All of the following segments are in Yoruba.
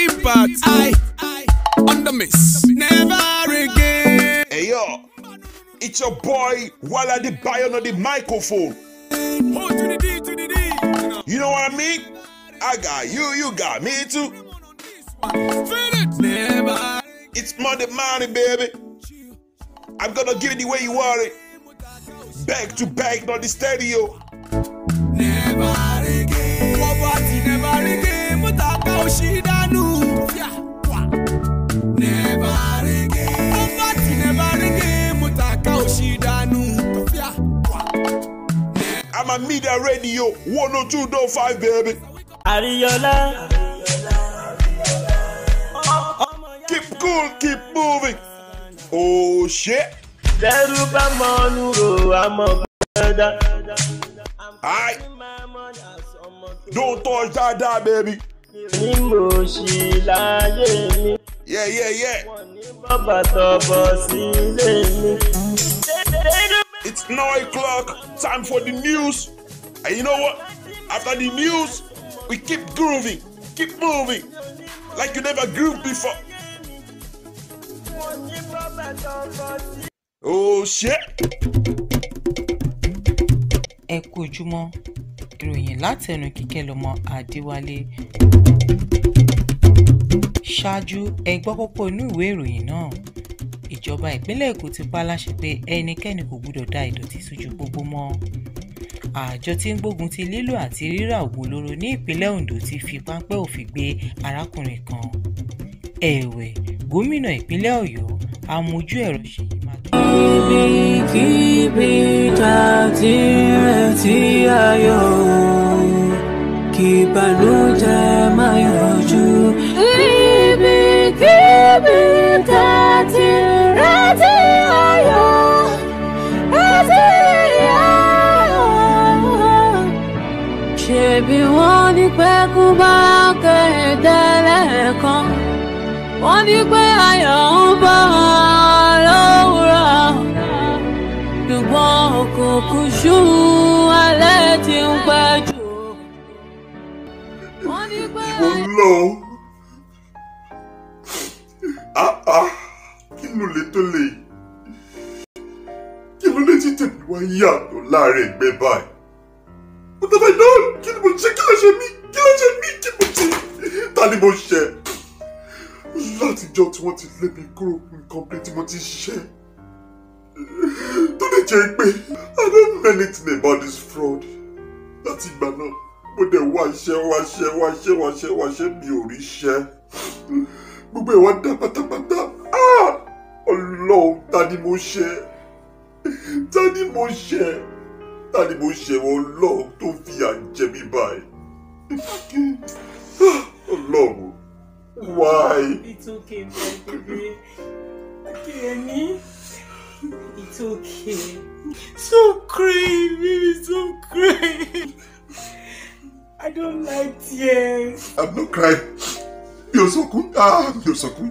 impact i miss never again. Hey, yo, it's your boy While i Bayon on the microphone. Oh, to the D, to the D. You know what I mean? I got you, you got me too. It's money, money, baby. I'm gonna give it the way you want it. back to back on the stereo. Never again. Poverty never again. Mutaka oshidanu. Never again. Poverty never again. Mutaka oshidanu. I'm a media radio 102.5 baby. Ariola. Keep cool, keep moving. Oh shit tẹ́rù bá mọ́ ọ́nù rò àmọ́ gbọ́dá. don't touch that that baby. Yeah, yeah, yeah. It's nine o'clock, time for the news. And you know what? After the news, we keep grooving, keep moving, like you never grooved before ó oh, ṣe. ẹ kú ojúmọ́ ìròyìn látẹnu kíkẹ́ lọ́mọ Adéwálé ṣáájú ẹ gbọ́ púpọ̀ inú ìwé ìròyìn náà ìjọba ìpínlẹ̀ Èkó ti pa láṣẹ pé ẹnikẹ́ni kò gbúdọ̀ da ìdọ̀tí sójú pópó mọ́ àjọ tí ń gbógun ti lílò àti rírà oògùn olóró ní ìpínlẹ̀ Ondo ti fi páńpẹ́ òfin gbé arákùnrin kan ẹ̀wẹ̀ gómìnà ìpínlẹ̀ Ọ̀yọ́ amójú ẹ̀rọ Ṣèyí níbikíbi tá a ti retí ayọ̀ kí ìbànújẹ́ má yọjú. níbikíbi tá a ti retí ayọ̀ retí ayọ̀. ṣebí wọ́n ní pé kú bá kẹ̀dẹ́ lẹ́ẹ̀kan wọ́n ní pé ayọ̀ ń bọ̀. òkùnṣù alẹ́ ti ń pẹ́ jù. Ọlọ́run àá ah, ah. kí ló lè tó lè kí ló lè títẹ̀ mi wá yàtọ̀ láàrin ẹgbẹ́ báyìí. What have I done? Kí ni mo ṣe? Kí ló ṣe mí? Kí ló ṣe mí? Kí mo ṣe? Ta ni mo ṣe? Látijọ́ tí wọ́n ti lé mi kúrò nǹkan pé tí mo ti ṣiṣẹ́ tó lè jẹ́ pé I don't know anything about this fraud láti ìgbà náà mo dẹ̀ wáṣẹ́ wáṣẹ́ wáṣẹ́ wáṣẹ́ wáṣẹ́ mi ò rí ṣẹ́ gbogbo ìwà dá pátápátá ah! ọlọ́run ta ni mo ṣe ta ni mo ṣe ta ni mo ṣe wọn ọlọ́run tó fi à ń jẹ mí báyìí ah! ọlọ́run why. it's okay baby okay ẹni. it's okay. Stop crying, baby, stop crying. I don't like tears. I'm not crying. You're so cool. Ah, you're so cool.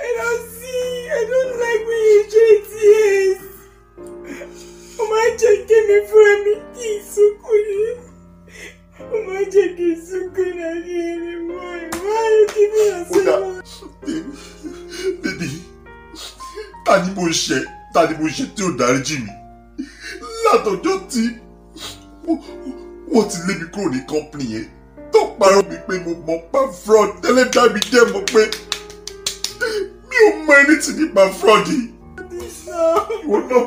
I don't see. I don't like when you shed tears. Oh my God, give me from me. He's so cool. Oh my God, he's so good at anymore. Why are you giving us so much? ta ni mo ṣe ta ni mo ṣe tí o dáríjì mi látọjọ́ tí wọ́n ti lé mi kúrò ní kọ́pìnì yẹn tó parọ́ mi pé mo mọ̀ pa fraud ẹlẹ́dàá mi jẹ́ mọ̀ pé mi ò mọ ẹni tí nípa fraud yìí ìwọ náà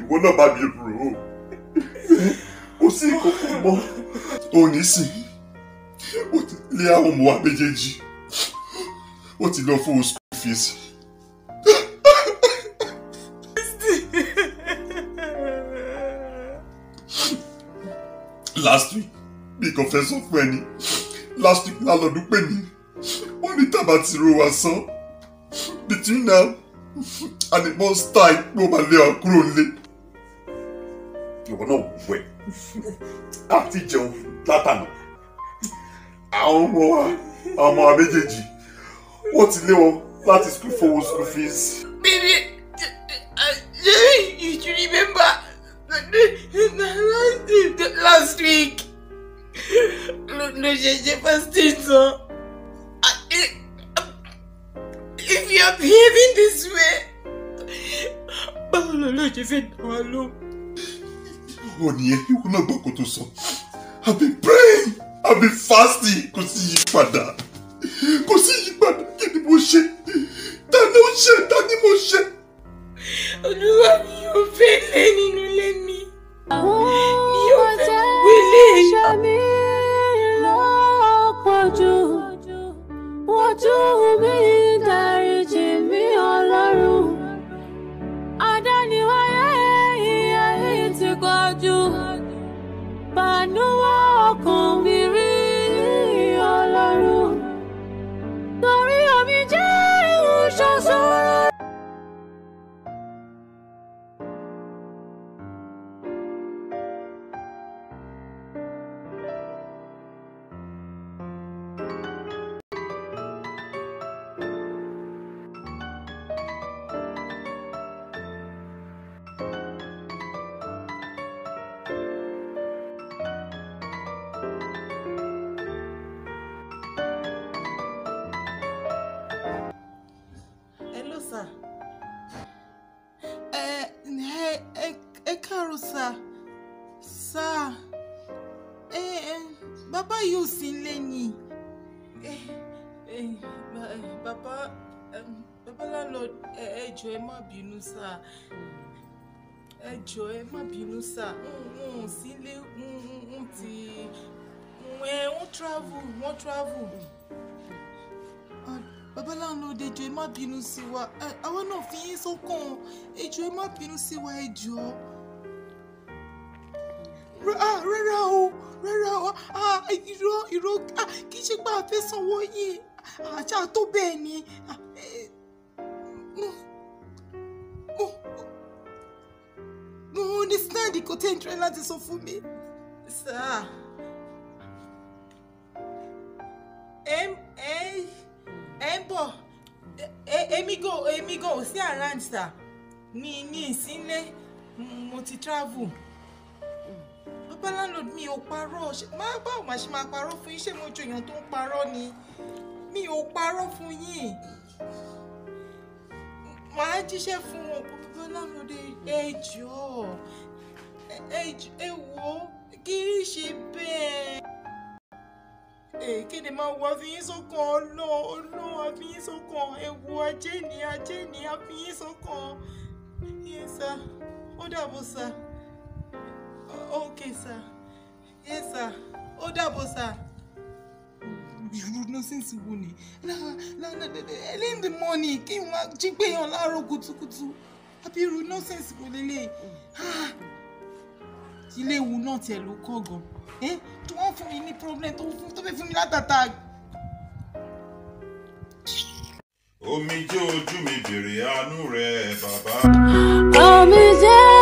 ìwọ náà bá mi rò ó kò sí ìkókó mọ́ òní sì ó ti lé àwọn ọmọ wa méjèèjì ó ti lọ fún oṣù fèsì. last week bí kò fẹ́ sọ fún ẹni last week lálọ́dún pè mí wọ́n ní tàbá ti ro wa sán between now and the month time ló máa lé ọ kúrò nílé. ìwọ náà wẹ̀ àti jẹun látànà àwọn ọmọ wa àwọn ọmọ wa méjèèjì wọ́n ti lé wọn láti school fowó school fees. baby uh, uh, uh, you should remember last week no ṣẹ̀ṣẹ̀ fasting tán if you are behaving this way báwo lọ́lọ́ ṣe fẹ́ dá wa lọ. ìwọ nìyẹn ìwọ náà gbọ́ kó tó sọ i be praying i be fasting kò sí yípadà kò sí yípadà kí ni mo ṣe ta ni mo ṣe ta ni mo ṣe. olúwa mi ò fẹ́ lẹ́yìn mi ò wílé. Wọ́n tún mí. jọ̀ọ́ ẹ má bínú sá ẹ jọ̀ọ́ ẹ má bínú sá n sílé n ti ẹ ń travel wọ́n travel. babaláwo ló dé jọ̀ọ́ ẹ má bínú sí wa àwa náà fi yín sọ́kàn ẹ jọ̀ọ́ ẹ má bínú sí wa ẹ jọ̀ọ́ rárá o rárá o irọ́ irọ́ kì í ṣe pé a fẹ́ sanwó yìí àṣà tó bẹ́ẹ̀ ni. mo understand kò tẹ́ ń tẹ́ láti sọ fún mi. sáà ẹ ẹ ń bọ̀ e, èmi go èmi go ò sí around sà mi mi ìsínlé mo ti travel bàbá landlord mi ò parọ́ máa báwo máa ṣe máa parọ́ fún yín ṣé mo tó ń parọ́ ni mi ò parọ́ fún yín màá jíṣẹ́ fún wọn kò gbogbo lámọdé ẹjọ́ ẹ wò kí n ṣe bẹ́ẹ̀. Èkéde máa wọ àfihàn sọ́kàn ọlọ́ ọlọ́ àfihàn sọ́kàn ewu ajé ni ajé ni àfihàn sọ́kàn. Yes sir, ó dàbọ̀ sir. Okay sir. Yes sir, ó dàbọ̀ sir irú nọ́sẹ̀nsì wo ni early in the morning kí n máa jí pé èèyàn láàárọ̀ kùtùkùtù àbí irú nọ́sẹ̀nsì wo lélẹ̀ ah! ilé ìwù náà tiẹ̀ ló kọ́ gan eh? tí wọ́n fún mi ní problem tó fẹ́ fún mi látàtà. omijé ojú mi bèrè àánú rẹ bàbá. omijé.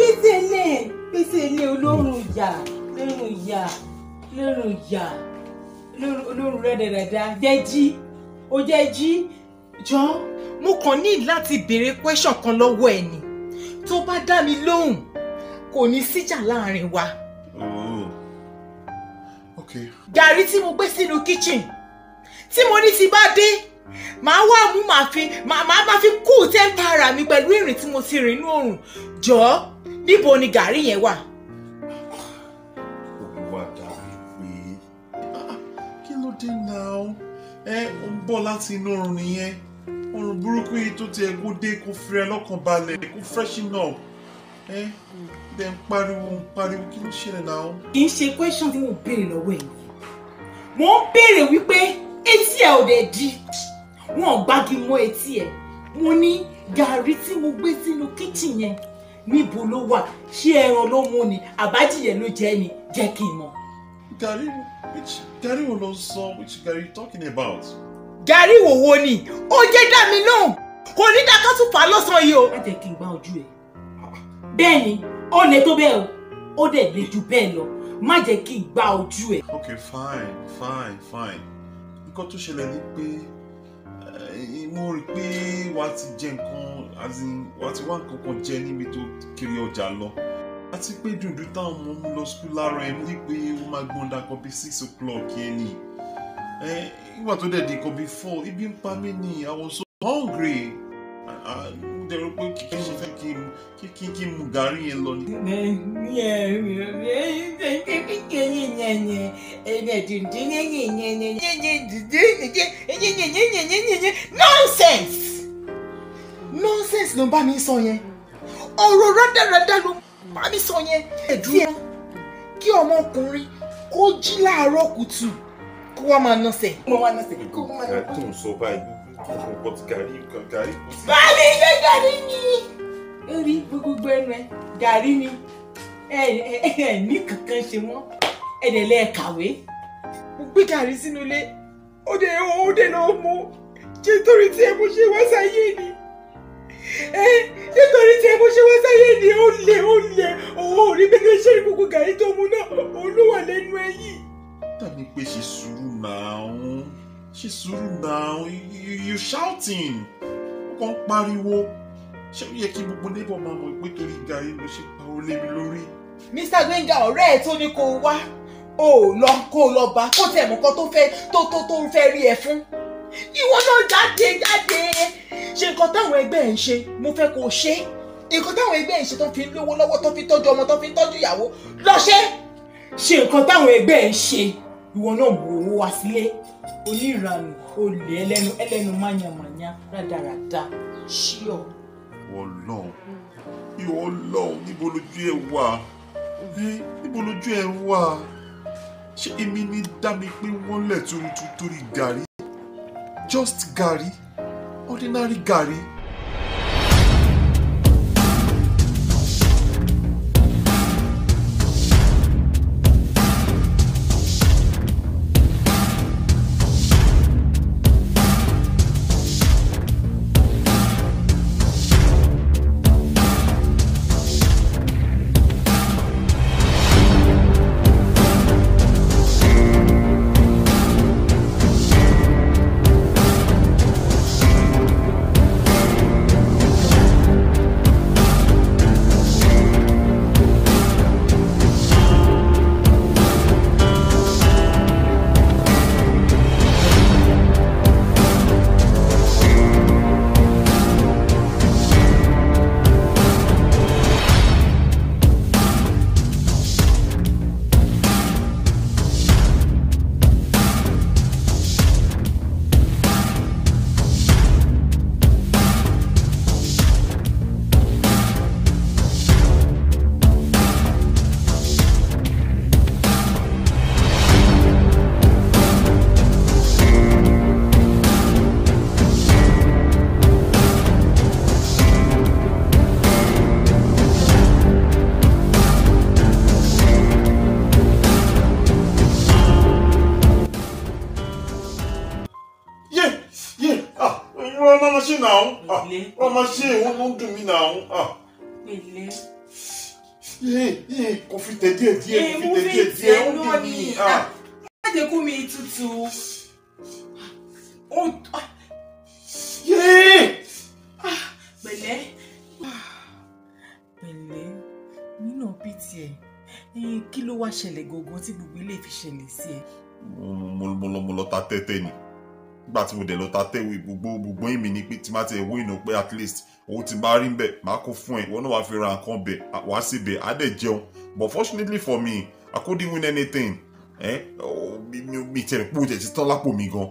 gbèsè lè gbèsè lè olórun ìyà lórun ìyà lórun ìyà olórun rẹ̀ dẹ̀dẹ̀dá jẹ́ jí O jẹ́ jí jọ. mo kàn ní láti béèrè question kan lọ́wọ́ ẹ̀ ni tó bá dá mi lóhùn kò ní síjà láàrin wa. Oh. gàrí tí mo gbé sínú kitchen tí mo ní ti bá dé màá wá mú màá fi màá máa fi kú tẹ́ńtà ara mi pẹ̀lú ìrìn tí mo ti rìn inú òrùn jọ̀ọ́ níbo ni gàrí yẹn wà. olùwà dàbí pé kí ló dé náà ẹ ó ń bọ̀ láti inú oorun nìyẹn oorun burúkú yìí tó tiẹ̀ kó dé kó fi ẹ lọ́kàn balẹ̀ kó freshen up ẹ dẹ̀ ń pariwo ń pariwo kí ló ṣẹlẹ̀ náà. kì í ṣe question tí mo béèrè lọ́wọ́ ẹ̀ mo ń béèrè wípé etí ẹ ò dẹ̀ di wọn gbági mọ́ etí ẹ mo ní gàrí tí mo gbé sínú kíchìn yẹn níbo ló wà ṣé ẹran ló mú ni àbájìyẹ ló jẹ ni jẹ́ kí n mọ̀. gàrí which gàrí wo ló sọ which gàrí you talking about. gàrí wo wo ni ó jẹ́ dá mi lóhùn kò ní dáká tún fà á lọ́sàn-án yìí o. má jẹ́ kí n gbá ojú ẹ̀ bẹ́ẹ̀ ni ó le tó bẹ́ẹ̀ ó dẹ̀ le jù bẹ́ẹ̀ lọ má jẹ́ kí n gbá ojú ẹ̀. ok fine fine fine nǹkan tó ṣẹlẹ̀ ni pé eh, mo rí i pé wàá ti jẹ nǹkan as in wàá ti wá nǹkan jẹ níbi tó kiri ọjà lọ àti pé dùndún táwọn ọmọ mú lọ sukú lára ẹ ní pé ó máa gbọ́n dakọ̀ bíi six o'clock yẹn ni ẹ ìgbà tó dẹ̀ di kọ̀ bíi four ibi ń pa mí ni I was so hungry mo dẹ̀ rò pé kí n fẹ́ kí n kí n kí mu gàrí yẹn lọ nonsense nonsense ló ń bá mi sọ yẹn ọ̀rọ̀ rẹ́dẹ̀rẹ́dẹ́ ló ń bá mi sọ yẹn. ẹ̀dúró kí ọmọkùnrin kó jí láàárọ̀ kùtù kó wá máa nọsẹ̀. kó wá nọsẹ̀ kó wá nọsẹ̀. tó ń sọ báyìí kó kó kó ti gàrí kan gàrí kó sí. báàmì ṣe gàrí ni. lórí gbogbo ẹnu ẹ gàrí ni ẹ ẹ ní kankan ṣe mọ́ ẹ kàwé. mo gbé gàrí sínú ilé ó dé ó dé lọ́ọ́ mú jẹ́ torí tí ẹ mo ṣe wá sáyé ni. Eh, nítorí tí mo ṣe wá sáyé ni ó lè ó lè òun ò rí gbẹgbẹ ṣe ní gbogbo gàrí tó mu náà olúwa lẹ́nu ẹ̀yìn. tàbí pé ṣe sùúrù náà ṣe sùúrù náà you shouting ó kàn ń pariwo ṣé ó yẹ kí gbogbo neighbor máa mọ̀ pé torí gàrí ló ṣe pa olè mi lórí. Mr. Gbenga ọ̀rẹ́ ẹ̀ tó ní kó wá ó lọ kó lọ bá kó tẹ̀ mọ́kàn tó fẹ́ tó tó tó fẹ́ rí ẹ fún ìwọ náà jáde jáde ṣe nǹkan táwọn ẹgbẹ́ ẹ̀ ń ṣe mo fẹ́ kó o ṣe nǹkan táwọn ẹgbẹ́ ẹ̀ ń ṣe tó fi ń lówó lọ́wọ́ tó fi ń tọ́jú ọmọ tó fi ń tọ́jú ìyàwó lọ ṣe ṣe nǹkan táwọn ẹgbẹ́ ẹ̀ ń ṣe ìwọ náà mú owó wá sílé oníranù olè ẹlẹ́nu ẹlẹ́nu mányamányá rádaràda ṣíọ. Ọlọ́run ìwọ Ọlọ́run níbo lójú ẹ wà níbo lójú ẹ wà ṣé èmi ní dá mi pé wọ́n lẹ̀ tuntun torí gàrí just garri ordinary garri máa ṣe òun ló ń dùn mí náà. Ah. pẹ̀lẹ́. kò fi tẹ̀ díẹ̀ díẹ̀ kò fi tẹ̀ díẹ̀ díẹ̀ ó dùn mí. Ah. Ah, jáde kú mi tutù. pẹ̀lẹ́. pẹ̀lẹ́ nínú bíi tiẹ̀ kí ló wá ṣẹlẹ̀ gangan tí gbogbo ilé fi ṣẹlẹ̀ sí ẹ. mo lọ ta tẹ́tẹ́ ni gbà tí mo dẹ̀ lọ ta tẹ̀wé gbogbo gbogbo èmi ni pé tí má ti ẹ̀ wó ìnà pé at least owó ti bá rí ń bẹ̀ má kó fún ẹ̀ wọn náà wàá fi ra nǹkan bẹ̀ wàá sì bẹ̀ á dẹ̀ jẹun but fortunately for me I couldn't win anything ẹ mi tẹ̀ pé o tẹ̀ ti tán lápò mi gan.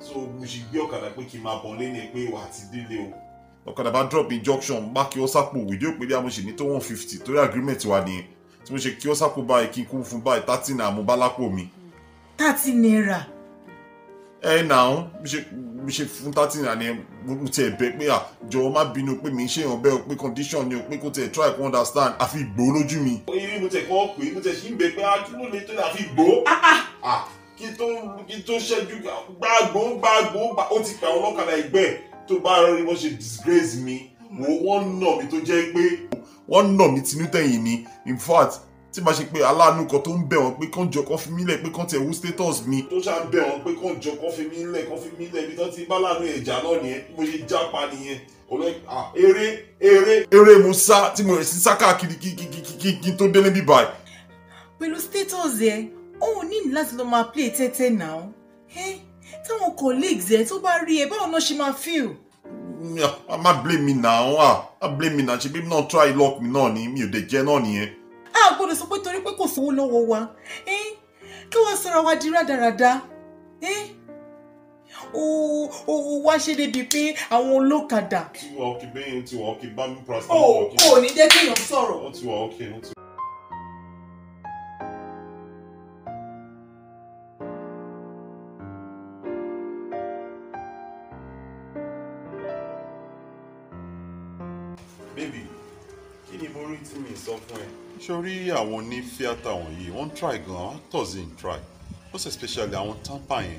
so mo ṣì gbé ọ̀kadà pé kí n máa bọ̀ lẹ́nu ẹ̀ pé wà á ti délé o. ọ̀kadà bá drop injunction bá kí ó sápò ìdí òpè bí a mo ṣe ní tó one fifty torí agreement wa nìyẹn tí mo ṣe kí ó sápò báyìí kí n kún fún báyìí thirty naira mi. thirty naira ẹ nà án bí ṣe fún thirty naira ni mo tiẹ̀ bẹ pé à jọ̀wọ́ má bínú pé mi ń ṣe ìrànbẹ́ o pé condition ni o pé kò tiẹ̀ try to understand àfi ìgbò lójú mi. ibi mo tẹ̀ kọ́ pé mo tẹ̀ sí ń bẹ pé àdúgbò lè tó àfi ìgbò ah, ah, ah. kí tó kí tó ṣẹ́jú gbàgbó gbàgbó ó ti pè àwọn ọlọ́kadà ẹgbẹ́ tó bá rí wọ́n ṣe disgrace mi wọ́n nà mí tó jẹ́ pé wọ́n nà mí tinú tẹ̀yìn ni in fact tí bá ṣe pé aláàánú kan tó ń bẹ̀ wọ́n pé kán jọ kán fi mí lẹ̀ pé kán tiẹ̀ wú status mi. tó ṣá ń bẹ̀ wọ́n pé kán jọ kán fi mí lẹ̀ kán fi mí lẹ̀ ibi tán ti bá láàánú ẹ̀já náà nìyẹn mo ṣe jápa nìyẹn olóyè à eré eré. eré mo sá tí mo rẹ̀ sí sá káàkiri kí tó délé bí báyìí. pẹ̀lú status ẹ ó ní láti lọ máa play tẹ́tẹ́ náà táwọn colleagues ẹ tó bá rí ẹ báwo náà ṣe máa feel má blame mi náà má blame mi náà ṣe bí náà try luck mi náà ni mi ò dé jẹ náà nìyẹn a gbọ́dọ̀ sọ pé torí pé kò sówó lọ́wọ́ wa eh? kí wọ́n sọ̀rọ̀ wa di rádaràda eh? ó wá ṣe débi pé àwọn olókàdá. tiwọ́ ọkì bẹ́yìn tiwọ́ ọkì bá mi pọ̀ sí. ò ní jẹ́ kéèyàn sọ̀rọ̀. ó tiwọ́ ọkì ó tiwọ́. sórí àwọn oní fíátà wọ̀nyí wọ́n ń try gan actors in try most especially àwọn tampa yẹn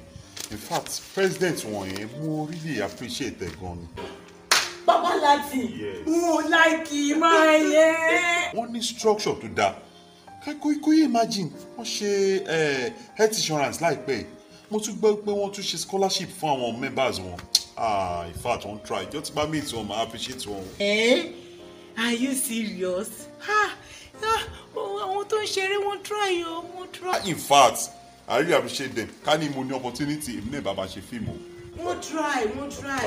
in fact president wọn yẹn mo really appreciate ẹ̀ gan ni. bàbá láti mo láìkì máa yẹ. wọ́n ní structure tó dáa kò yé imagine wọ́n ṣe health insurance láìpẹ́ yìí mo tún gbọ́ pé wọ́n tún ṣe scholarship fún àwọn members wọn ah, in fact wọ́n try Just bá me ìtì I appreciate wọn. ẹ eh? are you serious? Ha! Ah, àwọn tó ń ṣeré wọ́n try o wọ́n try. in fact i really appreciate them ká ní mo ní opportunity èmi náà Baba ṣe fíìmù. wọ́n try wọ́n try.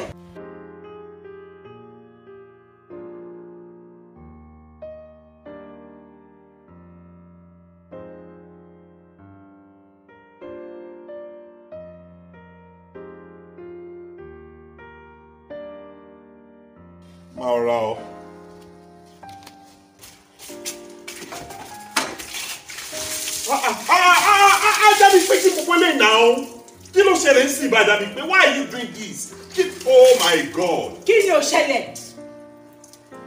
Ìbàdàn mi pé why are you doing this? Keep, oh my God. Kí ni ò ṣẹlẹ̀?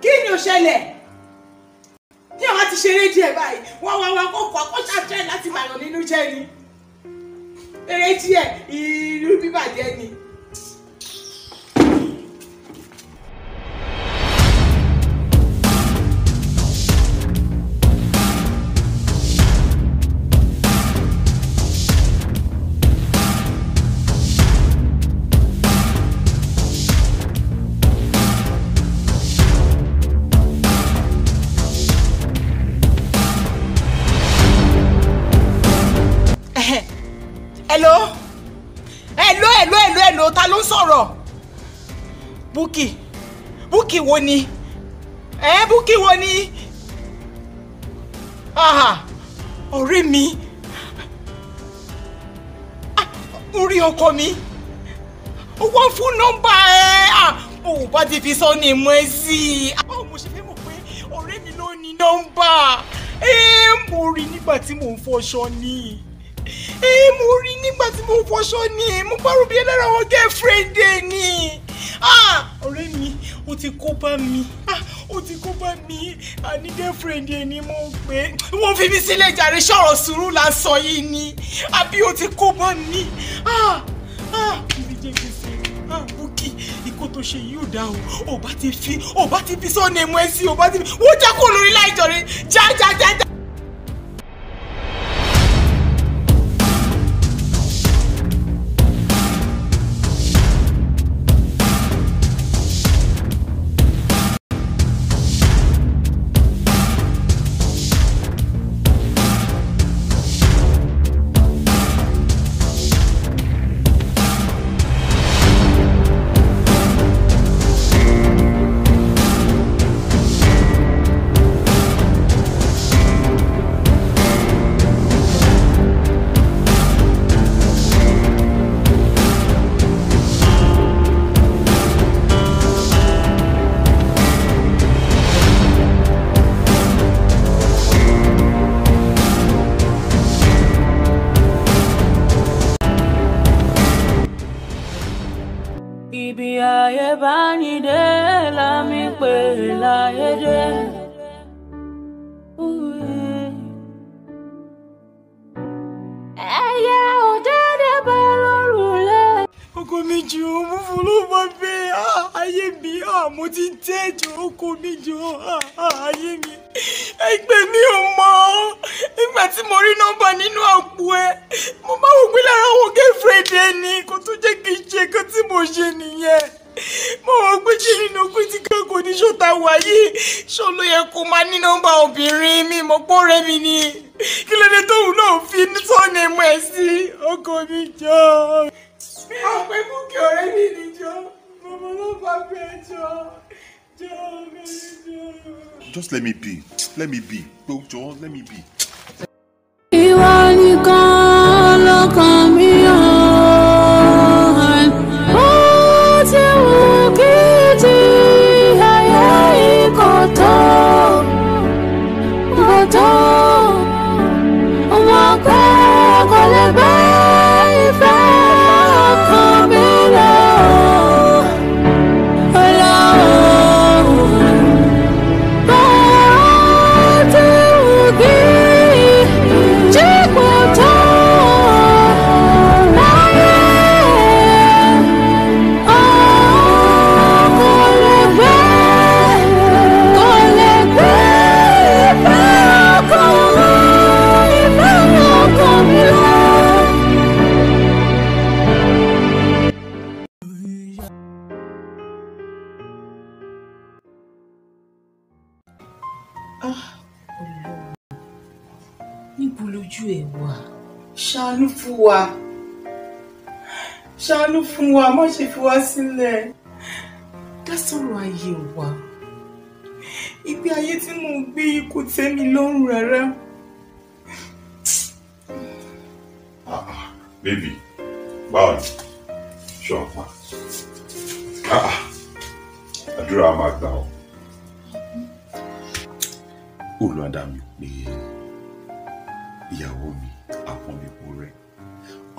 Kí ni ò ṣẹlẹ̀? Ní àwọn ti ṣeré díẹ̀ báyìí, wọ́n wá wá kó kọ́ kó ṣàtúnyẹ̀ láti bàyàn nínú jẹ́ ni. Eré díẹ̀ ìlú bíbàjẹ́ ni. o ta ló ń sọ̀rọ̀ Bukky Bukky wo ni ẹ Bukky wo ni ọ̀rẹ́ mi ah, orí ọkọ mi wọ́n fún nọ́mbà ẹ̀ ah, ò bá ti fi sọ ní mọ́ ẹ sí i. Ah, báwo mo ṣe fẹ́ mọ̀ pé ọ̀rẹ́ mi ló ní nọ́mbà ẹ̀ mo rí nígbà tí mò ń fọṣọ ni ẹ mo rí nígbà tí mo fọṣọ ni mo bá rúbi ẹlẹ́ra wọn girlfriend ẹ ni ọ̀rẹ́ mi ó ti kó bá mi ó ti kó bá mi àní girlfriend ẹ ni mo pè é wọ́n fi mi sílẹ̀ jàre sọ̀rọ̀ sùúrù la sọ yìí ni àbí ó ti kó bá mi ìdíje gbèsè búkì ikú tó ṣe yìí ò dá o ò bá ti fi ò bá ti fi sọ́ọ̀nù ẹ̀mú ẹ̀ sí ò bá ti fi wọ́n jẹ́ kó lórí láìjọ rẹ̀ jájájájá. ṣó yẹ kó máa ní nọ́mbà obìnrin mi mọ̀ pọ́ọ́rẹ́ mi ni kí ló dé tóun náà fi sọ́ọ̀nì mọ́ ẹ sí ọkọ mi jọ. ọ̀pẹ fún kí ọ̀rẹ́ mi níjọ́ bàbá ló bá bẹ́ẹ̀ jọ jọ mi jọ. just let me be let me be jọ let me be. ìwọ nìkan lọ́kàn mi. wa ṣàánú fún wa má ṣe fi wá sílẹ̀ dá sọ̀rọ̀ ayé wa ibi ayé tí mò ń gbé yìí kò tẹ́ mi lọ́rùn rárá. Ah, ah, bébì báwo ni ṣọ̀pá ah, àdúrà máa gbà ọ́ olùwádàá mi pé.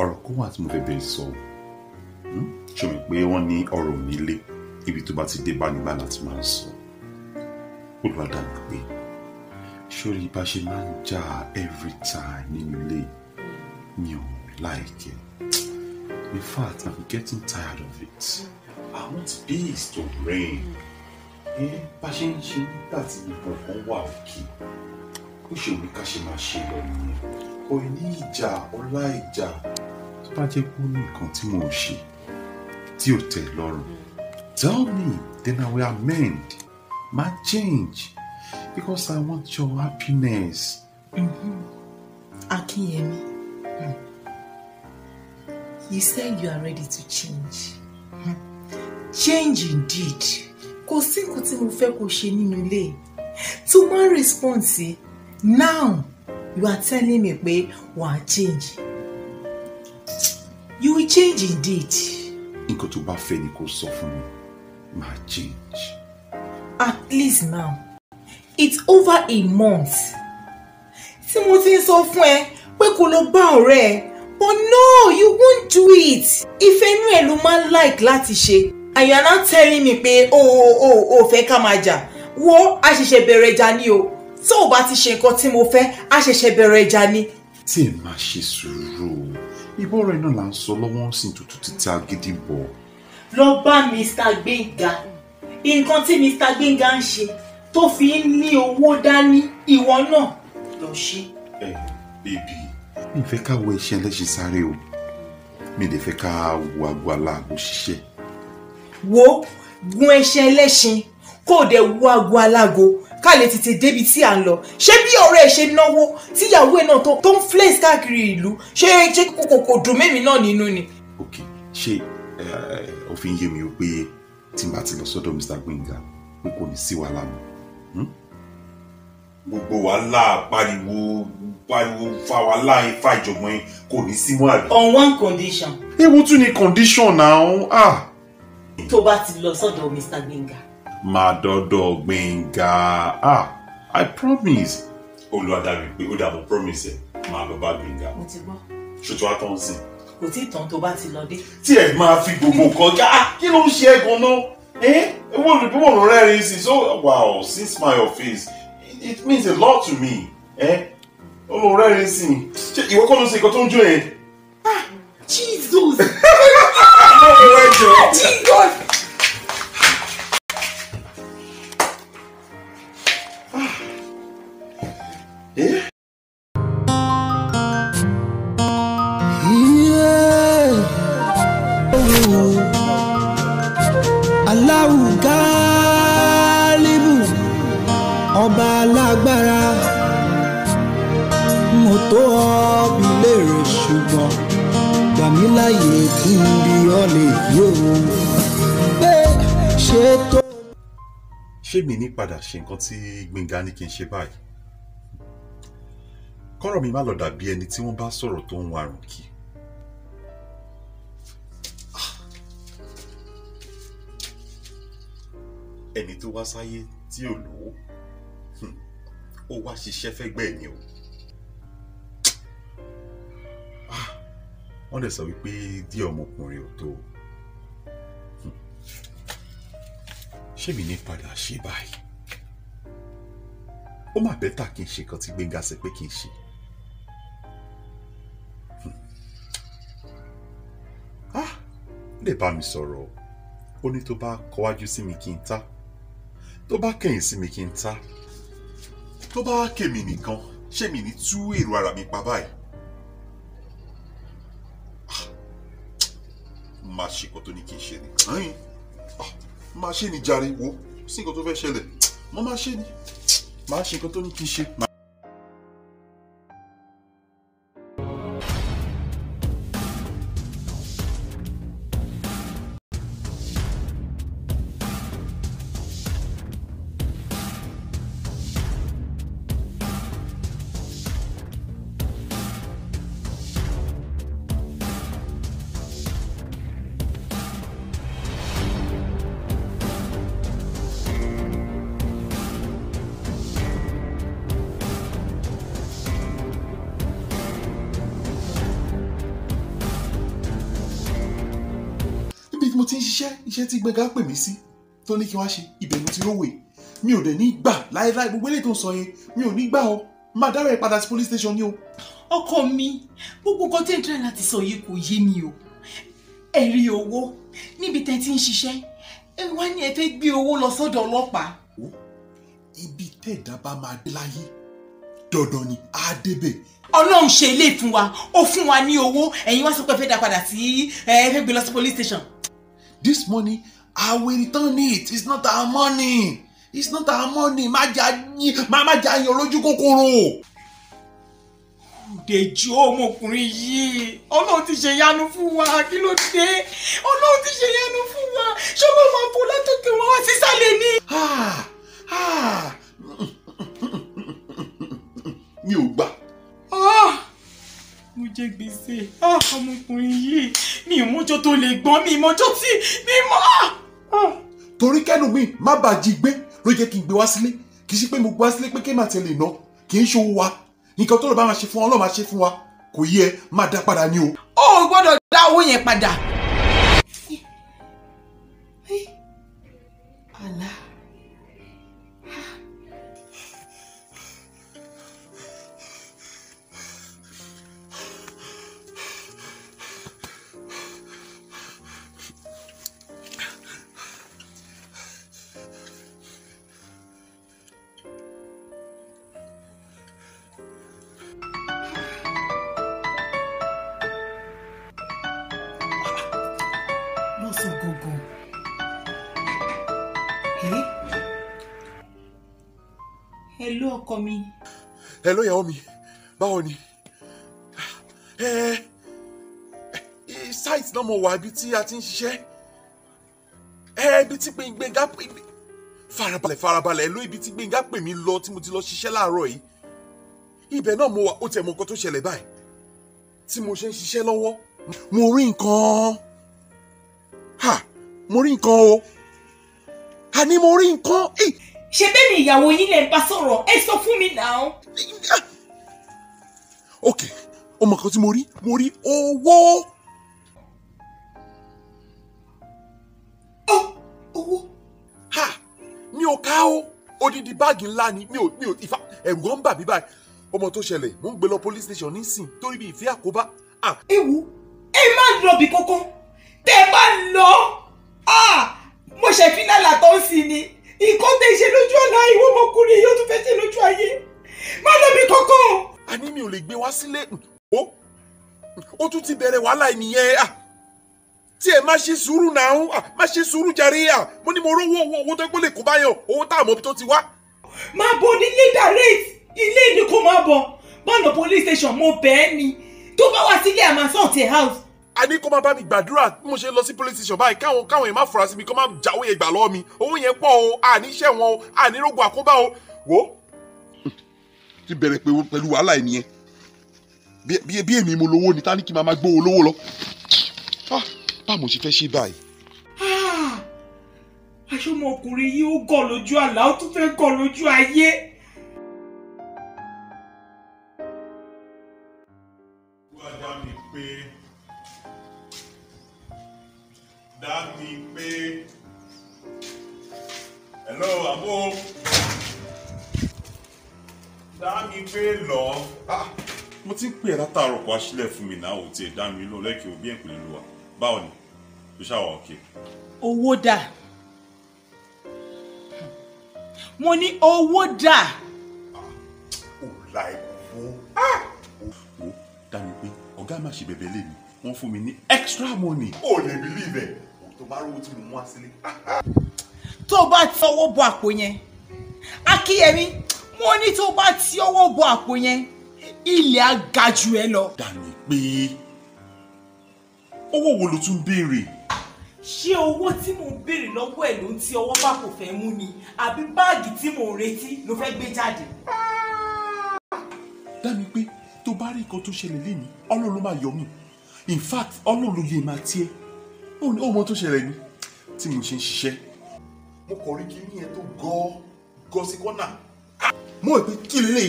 ọ̀rọ̀ kan wà tí mo fẹ́ bẹ̀rẹ̀ sọ hmm? ṣe mọ̀ pé wọ́n ní ọ̀rọ̀ onílé ibi tó bá ti dé bánigbà láti máa sọ olùwádàmí pé sórí bá ṣe máa ń jà every time nínú ilé mi ò láìkẹ́ in fact i'm getting tired of it i want peace to reign bá ṣe ń ṣe nígbà tí ìbọn kan wà òkè ó ṣòro ká ṣe máa ṣe lọ nìyẹn kò ní ìjà ọlá tó bá jẹ́ pé ó ní nǹkan tí mo ṣe tí ò tẹ́ lọ́rùn tell me then I will amend my change because I want your happiness. Mm-hmm. Akinyemi, hmm. you said you are ready to change. Hmm. Change indeed. Kò sí nǹkan tí mo fẹ́ kó ṣe nínú ilé tó máa ń respond sí now you are telling me pé wàá change you will change indeed. nǹkan tó bá fẹ́ ni kó sọ fún mi máa change. at least now it's over a month tí mo ti ń sọ fún ẹ pé kó lọ bá ọ̀rẹ́ ẹ but no you won't do it ìfẹ́ inú ẹ̀ ló máa ń like láti ṣe and you are now telling me pé o oh, o oh, oh, o fẹ́ ká máa jà wọ́n a ṣẹ̀ṣẹ̀ bẹ̀rẹ̀ ìjà ni o tó o bá ti ṣe nǹkan tí mo fẹ́ a ṣẹ̀ṣẹ̀ bẹ̀rẹ̀ ìjà ni. tí ì máa ṣe sùúrù ìbò ọ̀rọ̀ iná là ń sọ lọ́wọ́ ń sìn tuntun títí agídìbò. lọ bá Mr. Gbénga nǹkan tí Mr. Gbénga ń ṣe tó fi ń ní owó dání ìwọ náà lọ ṣe. ẹ bèbí mi fẹ́ ká wọ iṣẹ́ ẹlẹ́ṣin sáré o mi lè fẹ́ ká wo agbo aláàbò ṣiṣẹ́. wo gun ẹṣin ẹlẹ́ṣin kó o dẹ̀ wo agbo aláàgò ká lè tètè débi tí à ń lọ ṣé bí ọ̀rẹ́ ẹ̀ ṣe náwó tí ìyàwó ẹ̀ náà tó ń flex káàkiri ìlú ṣé ṣé kò dùn mẹ́mi náà nínú ni. ok ṣe eh, òfin yé mi o pé tí n bá ti lọ sọ́dọ̀ Mr. Gbénga n kò ní sí wàhálà mọ́ hmm? gbogbo wàhálà pariwo pariwo fa wàhálà ifá ìjọ̀gbọ̀n yìí kò ní sí wàhálà. on one condition. ewu tún ni condition náà ah. tó bá ti lọ sọ́dọ̀ Mr. Gbénga máa dọ́dọ̀ ah i promise olùwádàbí pé ó dàbọ̀ promise ẹ̀ máa lọ bá gbẹ̀ngà ṣètò àtọ̀nsìn. kò tí ì tán tó bá ti lọ dé. tí ẹ máa fi gbogbo nǹkan já kí ló ń ṣe ẹ ganan ẹ wọ́n lè bí wọ́n lọ rẹ́rìn sí so wow since my office it, means a lot to me ẹ wọ́n lọ rẹ́rìn sí ṣe ìwọ kọ́ ló ṣe nǹkan tó ń jó yẹn. ah jesus. ọmọ mi wá jesus. padà ṣe nǹkan tí Gbénga ní kí n ṣe báyìí kọ́rọ̀ mi má lọ dàbí ẹni tí wọ́n bá sọ̀rọ̀ tó ń warùn kí. ẹni tó wá sáyé tí ò lówó hmm, ó wá ṣiṣẹ́ fẹ́gbẹ́ ẹ̀ ni o. Ah, wọ́n lè sọ wípé díẹ̀ ọmọkùnrin ò tó hmm, ṣé mi ní padà ṣe báyìí ó mà bẹ́tà kí n ṣe kan tí Gbénga ṣe pé kí n ṣe. ah lè bá mi sọ̀rọ̀ ó ní tó bá kọwájú sí mi kí n ta tó bá kẹ̀yìn sí mi kí n ta tó bá kèmí nìkan ṣé mi ní tú èrò ara mi pa báyìí. Ah! máa ṣe nǹkan tó ní kí n ṣe ni ah! máa ṣe ni jàre wo sí nǹkan tó fẹ́ ṣẹlẹ̀ mo máa ṣe ni. マシコトニキシマ iṣẹ́ tí Gbénga pè mí sí tó ní kí wá ṣe ibẹ̀ ti rówó yìí mi ò dẹ̀ ní gbà láéláé gbogbo eléyìí tó ń sọ yẹn mi ò ní gbà o máa dára ẹ padà sí police station ni o. ọkọ mi gbogbo nǹkan tẹ́ ń tẹ́lẹ̀ láti sọ yìí kò yé mi o ẹ̀rí owó níbi tẹ́ ti ń ṣiṣẹ́ ẹ wá ní ẹ fẹ́ gbé owó lọ sọ́dọ̀ ọlọ́pàá. ibi tẹ́ẹ̀dá bá máa dé láyé dandan ni á débẹ̀ ọlọ́run ṣe ilé ìfún wa ó fún wa ní owó ẹ̀yin wá sọ pé ẹ fẹ́ dá padà sí ẹ fẹ́ gbé lọ sí police station this money i will return it it's not our money it's not our money má jà yín má má jà yín olójú kòkòrò. Dèjì ọmọkùnrin yìí ọlọ́run ti ṣe yanu fún wa kí ló dé ọlọ́run ti ṣe yanu fún wa ṣọlọ́ máa fò látòkè wọn wá sísàlẹ̀ ni. Ah, ah. mi ò gbà jẹ gbèsè ah, ọmọkùnrin yìí mi ì mọ́jọ́ tó lè gbọ́n mi ìmọ́jọ́ tí mi mọ́. Ah! Ah! torí kẹ́lòmíì má bàa jí gbé ló jẹ́ kí n gbé wá sílé kì í ṣe pé mo gbé wá sílé pé kéèmà tẹ̀lé iná kì í ṣòwò wa nǹkan tó lè bá máa ṣe fún wa ọlọ́run máa ṣe fún wa kò yẹ máa dá padà ní o. o ò dá owó yẹn padà ọkọ mi. ẹ ló yàwó mi báwo ni site náà mo wà ibi tí a ti ń ṣiṣẹ́ ibi tí Gbénga pè mí farabalẹ̀ farabalẹ̀ ẹ ló ibi tí Gbénga pè mí lọ tí mo ti lọ ṣiṣẹ́ láàárọ̀ yìí ibẹ̀ náà mo wà ó tẹ̀ mọ nǹkan tó ṣẹlẹ̀ báyìí tí mo ṣe ń ṣiṣẹ́ lọ́wọ́ mo rí nǹkan ha mo rí nǹkan o àní mo rí nǹkan ṣe bẹ́ẹ̀ ni ìyàwó yín lè bá sọ̀rọ̀ ẹ sọ fún mi náà. ok ọmọ kan tí mo rí mo rí owó. owó. ha mi ò ká o odidi báàgì ńlá ni mi ò mi ò ìfà ẹ̀rù gan bà mí báyìí ọmọ tó ṣẹlẹ̀ mò ń gbé lọ police station nísìn torí bí ìfẹ́ àkóbá. ewu ah! ẹ má lọ bí kankan tẹ ẹ bá lọ ah! mo ṣe fi lálàá tó ń sin ni nǹkan tẹ ṣe lójú ọ̀la ìwọ ọmọkùnrin yóò tún fẹ́ ṣe lójú ayé má lọ́bi kankan. a ní mi ò lè gbé wá sílé o ó tún ti bẹ̀rẹ̀ wàhálà ènìyàn ẹ̀ ah, tí ẹ má ṣe sùúrù náà ah, má ṣe sùúrù jàre à ah, mo ní mo rówó owó owó tó gbọ́lẹ̀ kó báyọ̀ owó tá a mọ̀ bí tó ti wá. máa bọ nílé direct ilé ni kó máa bọ bọ́ọ̀nù police station mo bẹ́ẹ̀ ni tó bá wá sílé àmàsàn ti house a ní kó máa bá mi gbàdúrà bí mo ṣe lọ sí police station báyìí káwọn káwọn yẹn má fura sí mi kó má jáwé ìgbà lọ́wọ́ mi owó yẹn pọ̀ o àní iṣẹ́ wọn o àní rogo àkóbá o wò. ti bẹ̀rẹ̀ pẹ̀lú wàhálà ẹ̀ nìyẹn bí èmi mo lówó ni ta ni kí n máa gbówó lówó lọ ah, báwo ṣe fẹ́ ṣe báyìí. Ah! aṣọ́mọkùnrin yìí ó gọ̀ lójú àlá ó tún fẹ́ gọ̀ lójú ayé. wàá dá mi pé. dá mi pé hello àbó dá mi pé lọ. Ah, mo ti ń pè ẹ́ látàárọ̀ kó aṣílẹ̀ fún mi náà ò tiẹ̀ dá mi lọ lẹ́kẹ̀ẹ́ òbí ẹ̀kọ́ lè lò wá báwo ni tó ṣàwọ̀ òkè. owó dà mo ní owó dà. ò láì fún. wo dá mi pé ọ̀gá má ṣe bẹ̀bẹ̀ lé mi wọ́n fún mi ní extra money. o lè believe it tó bá rówó tí mo mú wá sílé. tó o bá ti ọwọ́ bọ àpò yẹn akíyẹmí mo ní tó o bá ti ọwọ́ bọ àpò yẹn ilẹ̀ á ga jù ẹ lọ. dàmí pé owó wo ló tún béèrè. ṣé owó tí mò ń béèrè lọ́wọ́ ẹ̀ ló ń ti ọwọ́ bá kò fẹ́ mú ni àbí báàgì tí mò ń retí ló fẹ́ gbé jáde. dàmí pé tó bá rí nǹkan tó ṣẹlẹ̀ lé mi ọlọ́run ló máa yọ mí in fact ọlọ́run ló yẹ máa tiẹ̀ ó mọ tó ṣẹlẹ̀ ni tí mo ṣe ń ṣiṣẹ́ mo kọ̀ rí kí ní ẹ tó gọ́ gọ́ sí kọ́nà mo rò pé kí lè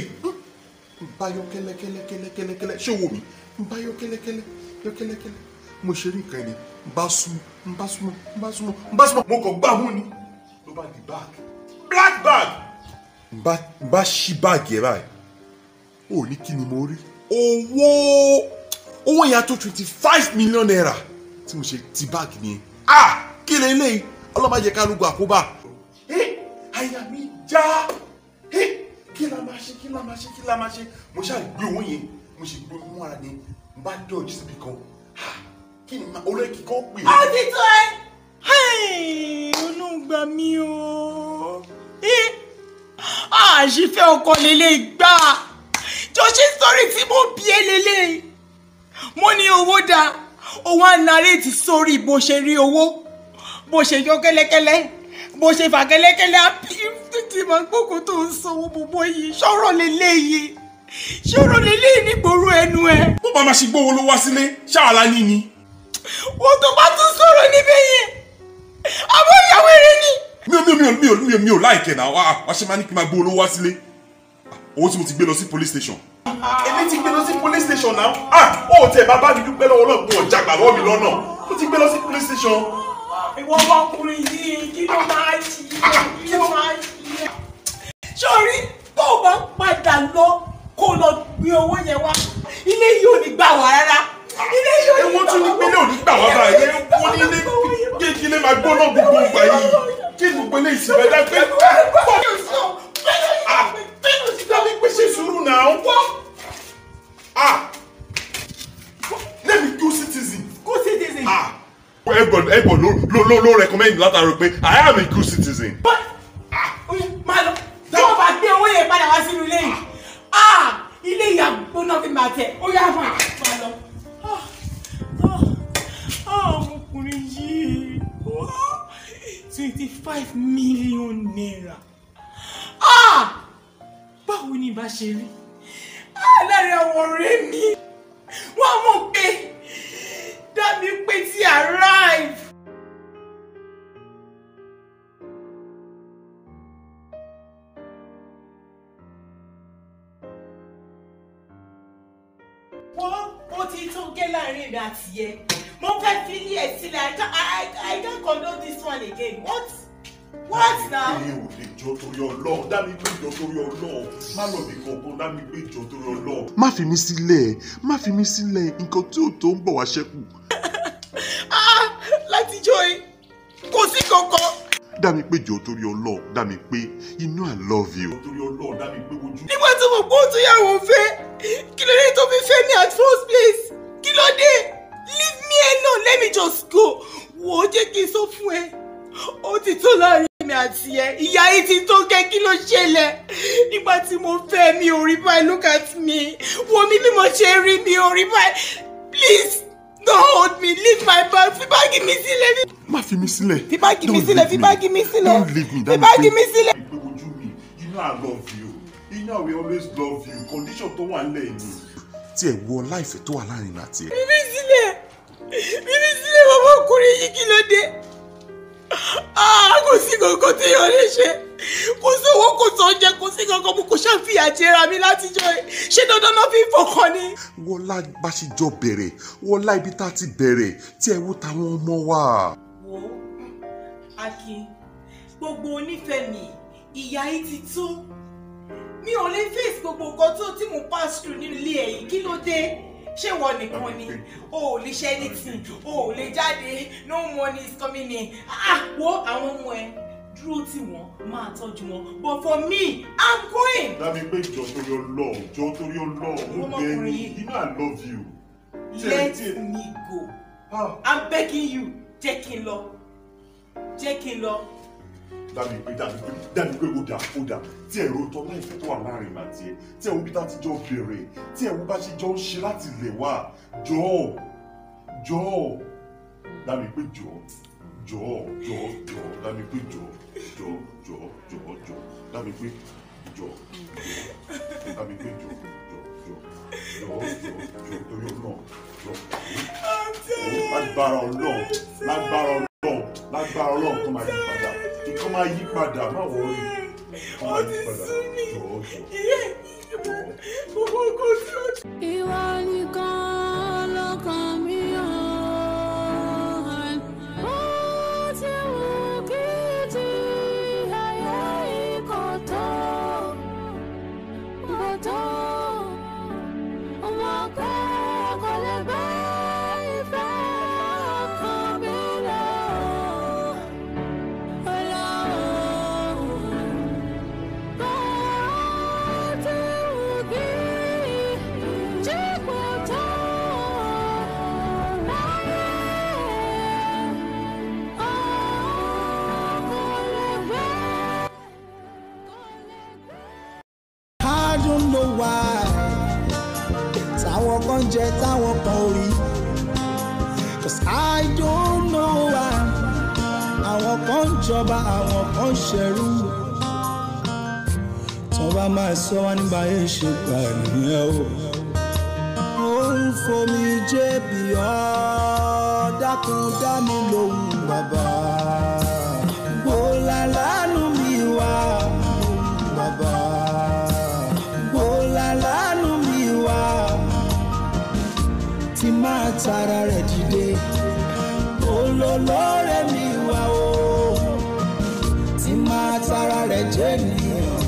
n bá yọ kẹ́lẹ́kẹ́lẹ́kẹ́lẹ́kẹ́lẹ́ ṣé wo mi n bá yọ kẹ́lẹ́kẹ́lẹ́ yọ kẹ́lẹ́kẹ́lẹ́ mo ṣe rí nǹkan ẹni n bá súnmọ́ n bá súnmọ́ n bá súnmọ́ bá súnmọ́ mo kàn gbà mú ni ló bá di báàgì black bag n bá ṣí báàgì ẹ báyìí ó ní kí ni mo rí owó owó yẹn á tó twenty five million naira tí mo ṣe ti báàgì yẹn ah kí lè lè ọlọ́mọ jẹ́ ká lóògùn àkóbá. ẹ àyà mi já ẹ kí la máa ṣe kí la máa ṣe kí la máa ṣe mo ṣáà gbé owó yẹn mo ṣe gbé owó ara ni mo bá dọ̀jú síbi kan kí ni olóyè kan pè. ó ti tó ẹ olóńgbà mi o àṣìfẹ́ ọkọ lélẹ̀ gbà jọ́sí sọ́rí tí mo bí ẹ lélẹ̀ mo ní owó dáa ó wá ń narètì sórí bó ṣe rí owó bó ṣe yọ kẹ́lẹ́kẹ́lẹ́ bó ṣe fà kẹ́lẹ́kẹ́lẹ́ àbí títí máa gbógo tó ń sanwó gbogbo yìí ṣọ́rọ̀ lélẹ́yìí ṣọ́rọ̀ lélẹ́yìí nígboro ẹnu ẹ. bó bá máa ṣe gbówó ló wá sílé ṣáàlá ní ni. wọ́n tó bá tún sọ̀rọ̀ níbẹ̀ yẹn àbọ̀ ìyàwó eré ni. mi ò mi ò mi ò mi ò mi ò láìkẹ́ náà wá ṣe máa ní kí n máa gbówó ló wá sílé owó tí mo ti gbé lọ sí police station èmi ti gbé lọ sí police station náà ah ó tẹ bàbá mi dúpẹ́ lọ́wọ́ ọlọ́gbọ̀n ọ̀jàgbà lọ́wọ́ mi lọ́nà ó ti gbé lọ sí police station. ìwọ ọkùnrin yìí kí ló máa ń ṣe kí ló máa ń ṣe. sọrí tó o bá padà lọ kó lọ gbé owó yẹn wá ilé yìí ò ní gbà wá rárá ilé yìí ò ní gbà wá. ewu tún ní pé ò ní gbà wá báyìí ewu ní ilé kéèkì ilé máa gbóná gbogbo ìgbà yìí kí gbogbo ilé everybody everybody no no no no recommend me látàrí pé i am a good citizen. máa tó o bá gbé owó yẹn padà wá sínú ilé yìí ah! ilé yìí àgbóná fi máa tẹ ó yá máa máa lọ. Ah! Ah! ọmọkùnrin yìí twenty five million naira. Ah! báwo ni ìbá ṣe rí ah, láàárín àwọn ọ̀rẹ́ mi wọ́n mọ̀ pé dábì pé ti arrive. wọ́n ó ti tó gé láàárín èmi àti yẹ mo fẹ́ fi ilé ẹ̀ sílẹ̀ I can't condone this one again. What? What now? Èmi ò lè jọ torí ọlọ́ọ̀, dá mi gbé jọ torí ọlọ́ọ̀, má lọ bí kankan dá gbé jọ torí ọlọ́ọ̀. Má fi mi sílẹ̀, má fi mi sílẹ̀, nǹkan tí ò tó ń bọ̀ wá ṣẹ́kù. Ah, Látijọ́ ẹ, kò sí kankan. Dá pé jọ torí ọlọ́ọ̀, dá pé you know I love you. Torí ọlọ́ọ̀ dá mi pé ojú. Nígbà tí mo gbọ́ tó yàwó fẹ́, kí ló dé tó fi fẹ́ mi at first place? Kí ló dé? Leave me alone, let me just go. Wò ó jẹ́ kí n sọ fún ẹ ó ti tó láàrin èmi àti ẹ ìyá yìí ti tó kẹ kí ló ṣẹlẹ̀ nígbà tí mo fẹ́ mi ò rí báyìí look at me wo mi bí mo ṣe rí mi ò rí báyìí please don't hold me leave my bag fi báàgì mi sílẹ̀. má fi mi sílẹ̀ fi báàgì mi sílẹ̀ fi báàgì mi sílẹ̀ fi báàgì mi sílẹ̀. ojú mi you know I love you you know we always love you condition tó wà nílẹ̀ ni. tí ẹ wọ láìfẹ́ tó wà láàrin àti ẹ. bíbí sílẹ̀ bíbí sílẹ̀ bàbá ọkùnrin yìí kí ló dé. Ah, kò sí kankan tí yóò lè ṣe kò sówó kò tó jẹ kò sí kankan mo kò ṣàfihàn àjẹra mi látijọ́ ẹ ṣé dandan náà fi fọkàn ni. wọlá bá ṣe jọ bẹ̀rẹ̀ wọlá ibi tá a ti bẹ̀rẹ̀ tí ẹ wo táwọn ọmọ wa. wo akin gbogbo onífẹ̀ẹ́ mi ìyá yìí ti tó mi ò lè face gbogbo nǹkan tó tí mo pass through nílé ẹ̀yìn kí ló dé ṣé ìwọ nìkan ni o ò lè ṣe anything o ò lè jáde no money is coming in ah, ah wo àwọn ọmọ ẹ dúró tì wọ́n máa tọ́jú wọn but for me i'm going. dábìí pé jọ torí Ọlọ́run jọ torí Ọlọ́run mo bẹ̀ ẹ́ ní you know i love you. let me go ah. i'm begging you jẹ́ kí n lọ jẹ́ kí n lọ dàbí pé dàbí pé dàbí pé ó dà ó dà tí ẹ̀rọ tọ́ náà ìfẹ́ tó wà láàrin màá tiẹ̀ tí ẹ̀wọ̀n bí tá ti jọ bẹ̀rẹ̀ tí ẹ̀wọ̀n bá ṣe jọ ń ṣe láti lè wà jọ̀ọ́ jọ̀ọ́ dàbí pé jọ̀ọ́ jọ̀ọ́ jọ̀ọ́ jọ̀ọ́ dàbí pé jọ̀ọ́ jọ̀ọ́ jọ̀ọ́ jọ̀ọ́ jọ̀ọ́ dàbí pé jọ̀ọ́ jọ̀ọ́ dàbí pé jọ̀ọ́ jọ̀ọ́ jọ̀ọ́ jọ̀ọ́ torí ọlọ́ọ̀ jọ̀ọ́ lágbára ọlọ́ọ̀ lágbára ọlọ́ọ̀ ọlọ́run lágbára ọlọ́run tó máa yí padà tó máa yí padà má wọ orí tó máa yí padà jọ̀ọ́ jọ̀ọ́. ìwà nìkan lọ́kàn mi. wá táwọn kan jẹ táwọn kan ò rí cause I don't know why àwọn kan ń jọba àwọn kan ń ṣẹrú tó bá máa sọ wá nígbà yẹn ṣe gbà nìyẹn o ó ń fomi jébì ọ́ dákun dá mi lóhùn bàbá bó làlánú mi wá. tara rẹ̀ dìde olólórẹ́ mi wá o tí máa tara rẹ̀ jẹ́ ènìyàn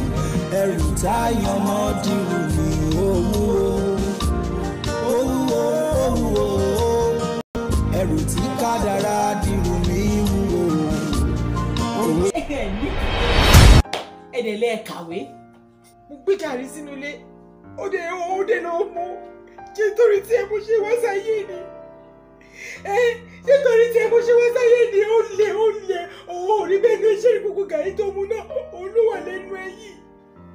ẹrù táyọ̀ mọ́ dìrù mi owó owó owó ẹrù tí kádàrá dìrù mi wúwo. ẹ̀dẹ̀ lẹ́ẹ̀kàwé mo gbé gàrí sínú ilé ó dé ó dé lọ́ọ́ mú ṣé torí tí ẹ mo ṣe wá sáyé ni ẹ ṣé torí tí ẹ mo ṣe wá sáyé ni ó lè ó lè òun ò rí bẹ́ẹ̀ ní ṣe ìkókó gàrí tó mu náà olúwa lẹ́nu ẹ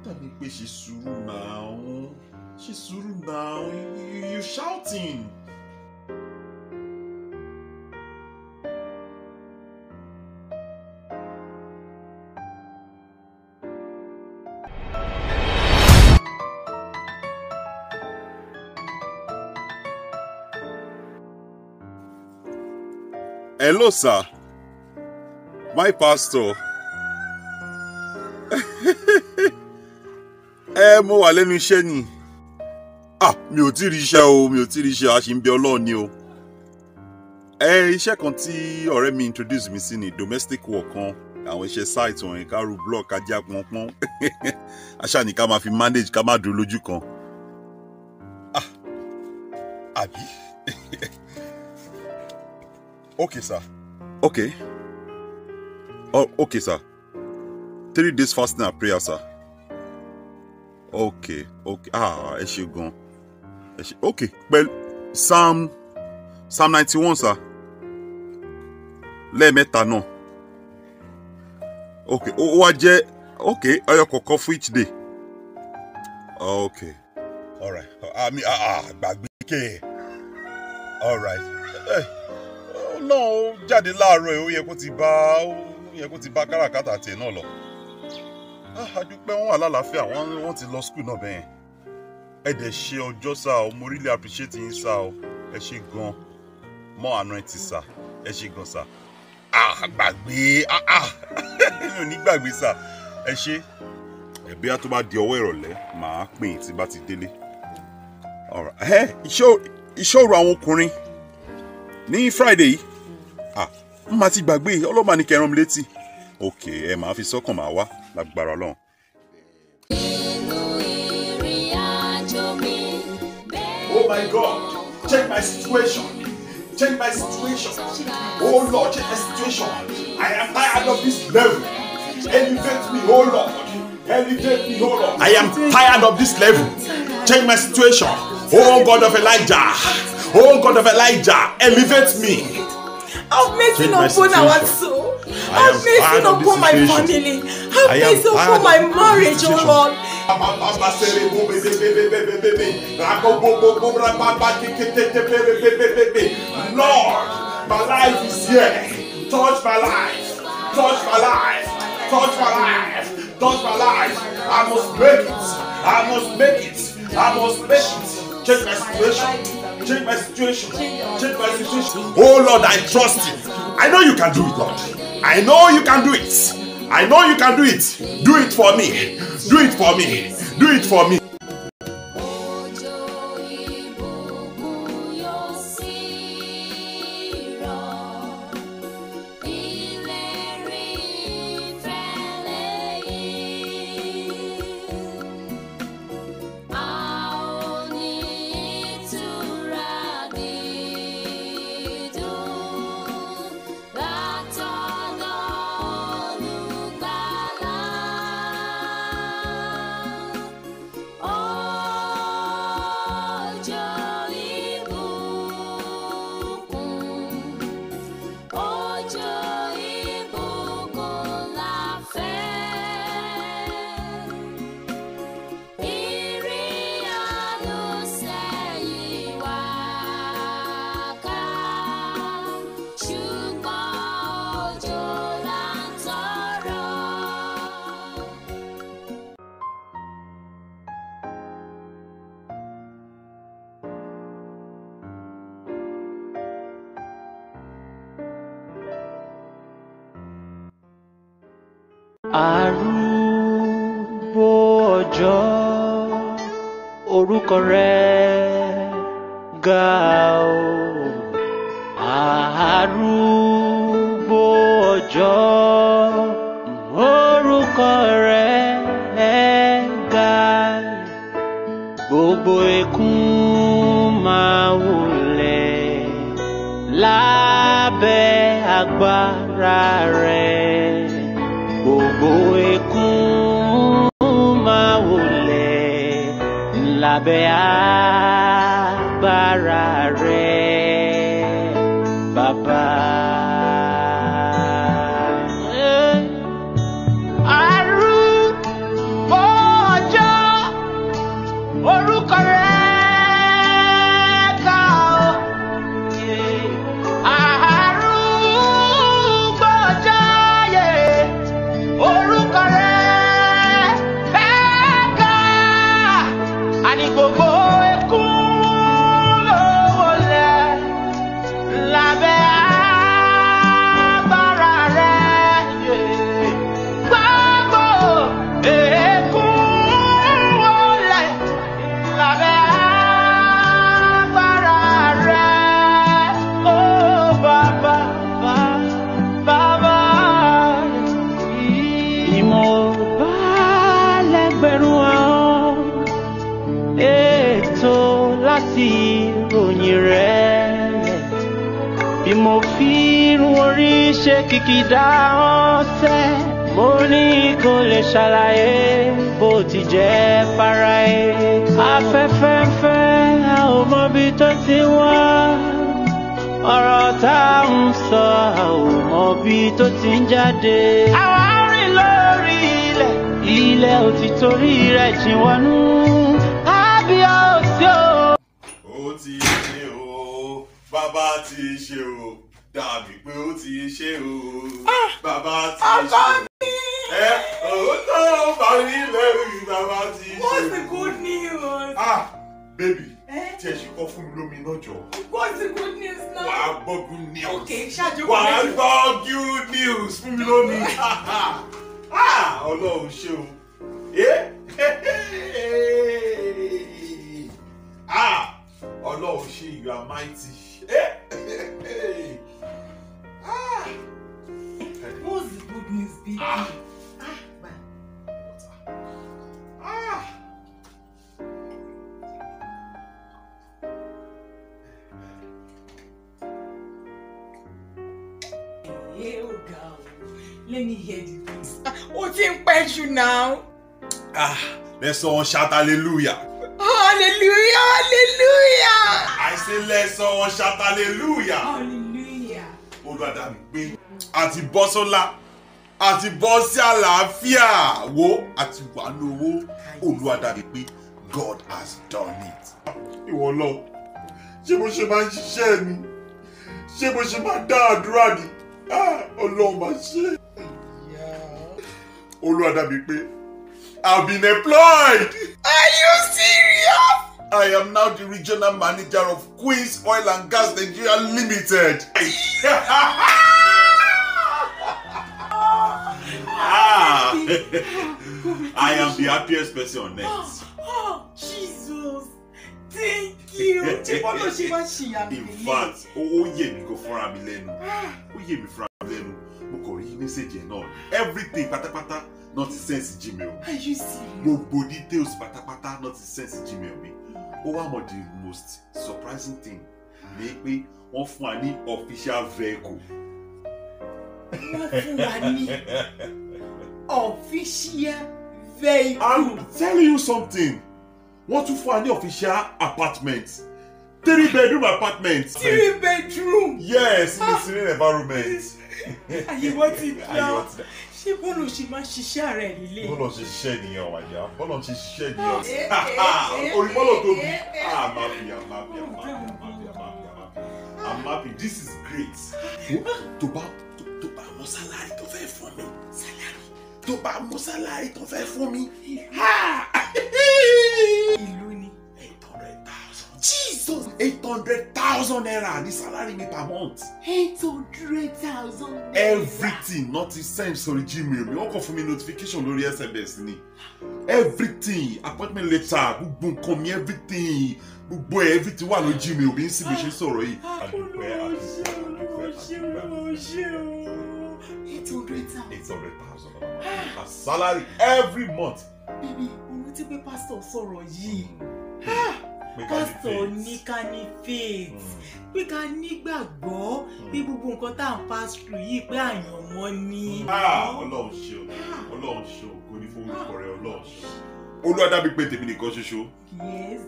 tàbí pé ṣe sùúrù náà ṣe sùúrù náà you shouting. Hello, sir. My pastor. ẹ eh, mo wà lẹ́nu iṣẹ́ ni. Ah, mi ò tí ì rí iṣẹ́ o, mi ò tí ì rí iṣẹ́, a ṣì ń bẹ Ọlọ́run ni o. Ẹ eh, iṣẹ́ kan tí ọ̀rẹ́ mi introduce mi sí ni domestic work kan àwọn iṣẹ́ site wọ̀nyí ká ru block ká já pọnpọ́n aṣáà ní ká máa fi manage ká má dúró lójú kan. Ah, àbí? Okay, sir. Okay. Oh, okay, sir. Three days fasting and prayer, sir. Okay, okay. Ah, is she gone? Ẹ ṣe okay. Well, Psalm Psalm ninety one, sir. Lẹ́ẹ̀mẹ́ta náà. Okay, Oh, what jẹ́ okay ẹyọ kọ̀ọ̀kan for each day. Okay. All right. Ah, I mean, ah, ah, okay. All right. Hey. Eh, ó náà ó jáde láàárọ̀ ẹ̀ ó yẹ kó ti bá ó yẹ kó ti bá káràkátà tiẹ̀ náà lọ. àdúpẹ́ wọn wà lálàáfíà wọ́n ti lọ skul náà bẹ́yẹn. ẹ dẹ̀ ṣe ọjọ́ sá o mo really appreciate yín sá o ẹ ṣe gan mọ́ àná ẹ ti sá ẹ ṣe gan sá. àgbàgbé mi ò ní gbàgbé sá ẹ ṣe ẹ̀bí á tó bá di ọwọ́ ìrọ̀lẹ́ màá pè é tí bá ti délé. iṣẹ́ àwọn ọkùnrin ní friday yìí ah n máa ti gbàgbé ọlọ́mà ní kẹran mi létí ok ẹ máa fi sọ́kàn máa wá lágbára ọlọ́run. oh my god check my situation check my situation oh lord check my situation i am tired of this level elevate me oh lord elevate me oh lord i am tired of this level Change my situation oh god of elijah. Oh God of Elijah, elevate me. Have mercy upon our soul. Have mercy upon my family. Have mercy upon my marriage, oh Lord. Lord, my life is here. Touch my life. Touch my life. Touch my life. Touch my life. I must make it. I must make it. I must make it. Change my situation. Change my situation. Change my situation. Oh Lord, I trust you. I know you can do it, Lord. I know you can do it. I know you can do it. Do it for me. Do it for me. Do it for me. agbára rẹ̀ gbogbo ikún máa wọlé lábẹ́ àá. kìdá ọ̀sẹ̀ mo ní kò lè ṣàlàyé bó ti jẹ́ faraye. afẹ́fẹ́ ń fẹ́ a ò mọbi tó ti wá ọ̀rọ̀ tá à ń sọ a ò mọbi tó ti ń jáde. àwa rìn lórí ilẹ̀ ilẹ̀ ò ti torí rẹ̀ jìn wọnú kábíyèsí o. ó ti ṣe o bàbá ti ṣe o dàbí pé ó ti ṣe o ah! bàbá ti ṣe ẹ òótọ́ bá rí lẹ́rù bàbá ti ṣe o. what's the good news. ah baby eh? tí ẹ ṣe kọ́ fún mi lómi náà jọ. what's the good news now. wàá gbọ́ good news. ok ṣáàjú kò ní. wàá gbọ́ good news fún mi lómi. Ah, ọlọ́run ṣé o. Eh? Ah, ọlọ́run ṣé you are mighty. Ah, let someone shout hallelujah. Oh, hallelujah, hallelujah. I say let's all shout hallelujah. Hallelujah. Olúwa dá mi gbé. Àti bọ́ sọ́lá, àti bọ́ àlàáfíà wo àti wà lówó Olúwa dá gbé. God has done it. Ìwọ lọ, ṣé mo ṣe máa ń ṣiṣẹ́ mi? Ṣé mo ṣe máa dá àdúrà ni? Ah, Ọlọ́run máa ṣe. Olúwa dá mi I've been employed. Are you serious? I am now the regional manager of Queens Oil and Gas Nigeria Limited. Ah. ah, I am the happiest person on earth. Oh, Jesus. Thank you. In fact, ó yé mi kò fọ́ra mi lẹ́nu. Ah. Ó yé mi Everything. Pata pata. náà ti sẹ́ǹsì gmail mi gbogbo details pátápátá náà ti sẹ́ǹsì gmail mi ó wà mọ̀ the most surprising thing ni pé wọ́n fún wa ní official vehicle. wọ́n fún wa ní official vehicle. i'm telling you something wọ́n tún fún wa ní official apartment three bedroom apartment. three bedroom. yes in a ah. serene environment. àyẹ̀wò ti dá. àyẹ̀wò ti dá ṣé bọ́ọ̀lù ṣe máa ṣiṣẹ́ ara ẹ̀ nílé. bọ́ọ̀lù ṣe ṣiṣẹ́ ènìyàn ọ̀wàjà bọ́ọ̀lù ṣe ṣiṣẹ́ ènìyàn eh, eh, eh, orí bọ́ọ̀lù tó bí àmàbí àmàbí àmàbí àmàbí àmàbí àmàbí this is great. tó bá tó bá mọ sálárì tó fẹ́ fún mi sálárì tó bá mọ sálárì tó fẹ́ fún mi. so eight hundred thousand naira ni salary me per month. eight hundred thousand naira. everything not the same sori gmail mi wọn kàn fún notification lórí sms ni everything appointment letter gbogbo nǹkan mi everything gbogbo ẹ everything wà lórí gmail mi síbi ṣe sọ̀rọ̀ yìí. àdúpẹ́ ah, àdúpẹ́ àdúpẹ́ àdúpẹ́ eight hundred thousand. eight hundred thousand naira ah. salary every month. bíbí ohun tí pé pásítọ̀ sọ̀rọ̀ yìí. Mm. Ah pásítọ̀ ní ká ní faith hmm. pé ká nígbàgbọ́ bí hmm. gbogbo nǹkan tá à ń pass through yìí pé àyàn mọ́ ni. Ah, ọlọ́run ṣe o ah. ọlọ́run ṣe o kò ní fowórúkọ rẹ ọlọ́run ṣe o. Ah. olúwa dá mi pé tèmi nìkan ṣoṣo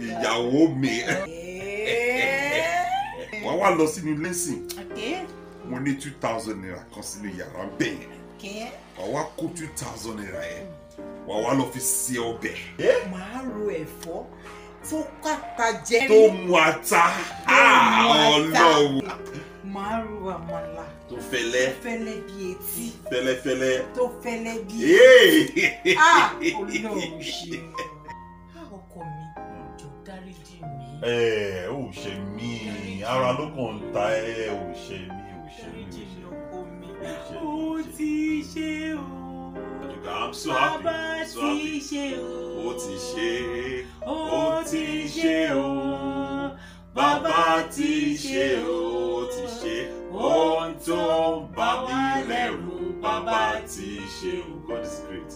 ìyàwó mi wàá wá lọ sínú lẹ́sìn mo ní two thousand naira kan sínú yàrá bẹ́ẹ̀ wàá wá kó two thousand naira yẹn wàá wá lọ fi se ọbẹ̀. màá ro ẹ̀fọ́ tó kàtà jẹ. tó mu ata ah, ọlọ́run. màá ru àmàlà. tó fẹ́lẹ́. tó fẹ́lẹ́ bí etí. fẹ́lẹ́fẹ́lẹ́. tó fẹ́lẹ́ bí etí. ah ọlọ́run ṣe ah, ọkọ mi jọ dáríjì mi. ẹ ẹ ò ṣe mí ara ló kàn ń ta ẹ ẹ ò ṣe mí ò ṣe mí ò ṣe mí ó ti ṣe o. I'm so happy. Bàbá ti ṣe o. Ó ti ṣe. Ó ti ṣe o bàbá ti ṣe o ti ṣe ohun tó bà mí lẹ́rù bàbá ti ṣe o God is great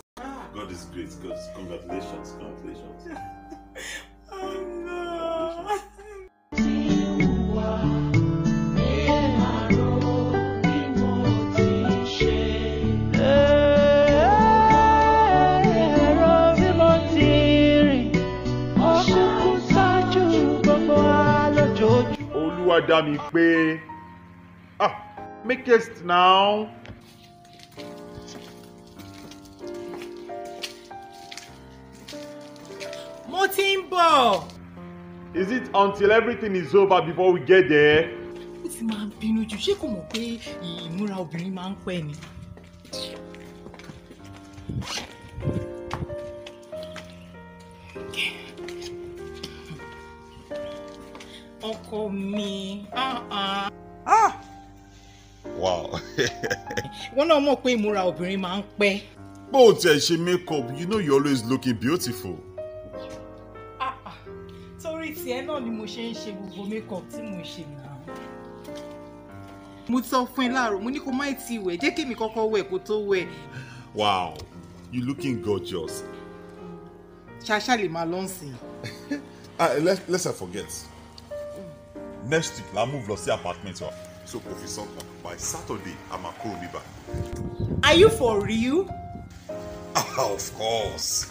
God is great God is congratulations congratulations. wá dá mi pé ah make it now. mo ti ń bọ̀. is it until everything is over before we get there. ó ti máa ń bínú jù ṣé kò mọ̀ pé ìmúra obìnrin máa ń pẹ́ ni. Okay. ọkọ mi. Ah, ah. wọ́n náà mọ̀ pé ìmúra obìnrin máa ń pẹ́. bó o tiẹ̀ ṣe make up you know you always looking beautiful. Ah, torí tiẹ̀ náà ni mo ṣe ń ṣe gbogbo make up tí mo ṣe nà. mo sọ fún ẹ láàárọ̀ mo ní kó má ti wẹ̀ jẹ́ kémi kọ́kọ́ wẹ̀ kó tó wẹ̀. wow you looking gorgeous. ṣàṣà lè máa lọ́nsìn. let's let's not forget next week la move lọ sí apartment wa so kò fi sàn kan by saturday a máa kúrò níbà. are you for real. ah of course.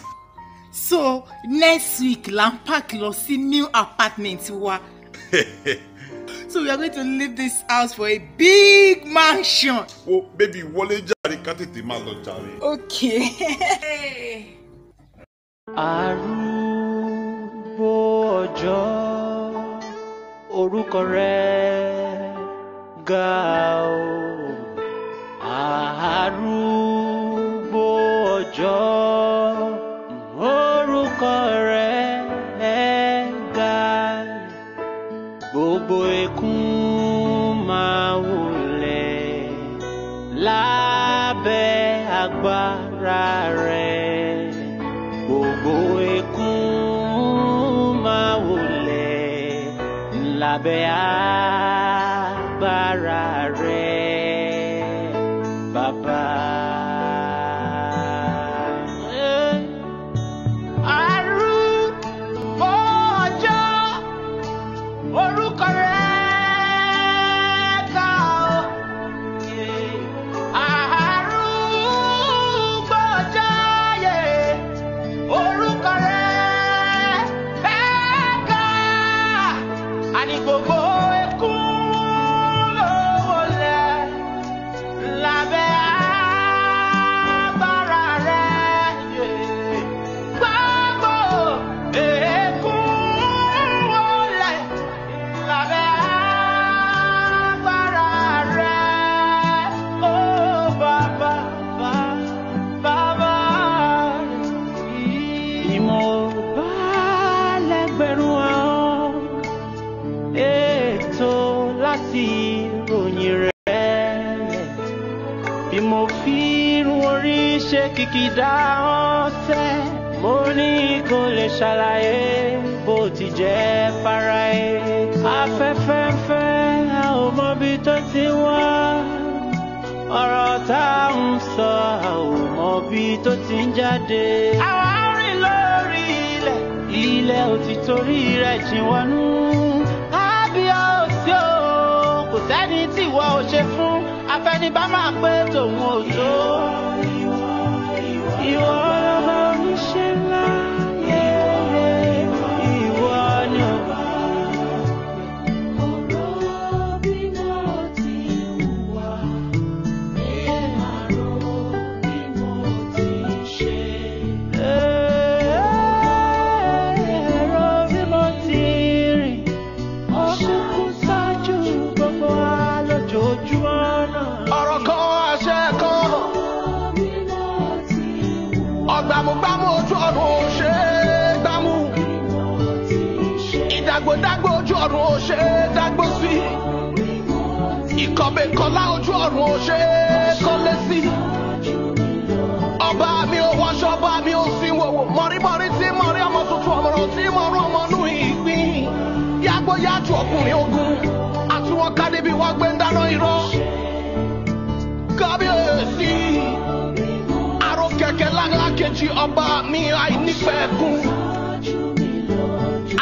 so next week la n pack lọ sí new apartment wa. so we are going to leave this house for a big mansion. wo oh, baby wọlé jàre ká tètè máa lọ jàre. okay. àrùn bó ọjọ́ orúkọ rẹ̀ ga o àárúgbó ọjọ́. Sabe, ah. kìdá ọ̀sẹ̀ mo ní kò lè ṣàlàyé bó ti jẹ́ faraye. afẹ́fẹ́ ń fẹ́ a ò mọbi tó ti wá ọ̀rọ̀ tá à ń sọ a ò mọbi tó ti ń jáde. àwa rìn lórí ilẹ̀ ilẹ̀ ò ti torí rẹ̀ jìn wọnú. ábíọ́ òsì o kò sẹ́ni tí ìwọ ò ṣe fún afẹnibá máa pé tòun ò tó. you are. kọlá ojú ọ̀run ò ṣe é kọ́lé sí. ọba mi ò wọṣọ ọba mi ò sin wòwò mọ̀rímọ̀rí tí mọ̀rí ọmọ tuntun ọ̀mọ̀ràn tí mọ̀rún ọmọ nù ìgbín. yàgbọ́ yájú ọkùnrin ogun àti wọn ká débi wọn gbé ń dáná irọ́. kábíyèsí àrò kẹ̀kẹ́ láńlá kejì ọba mi àìnípẹ̀ẹ́gùn.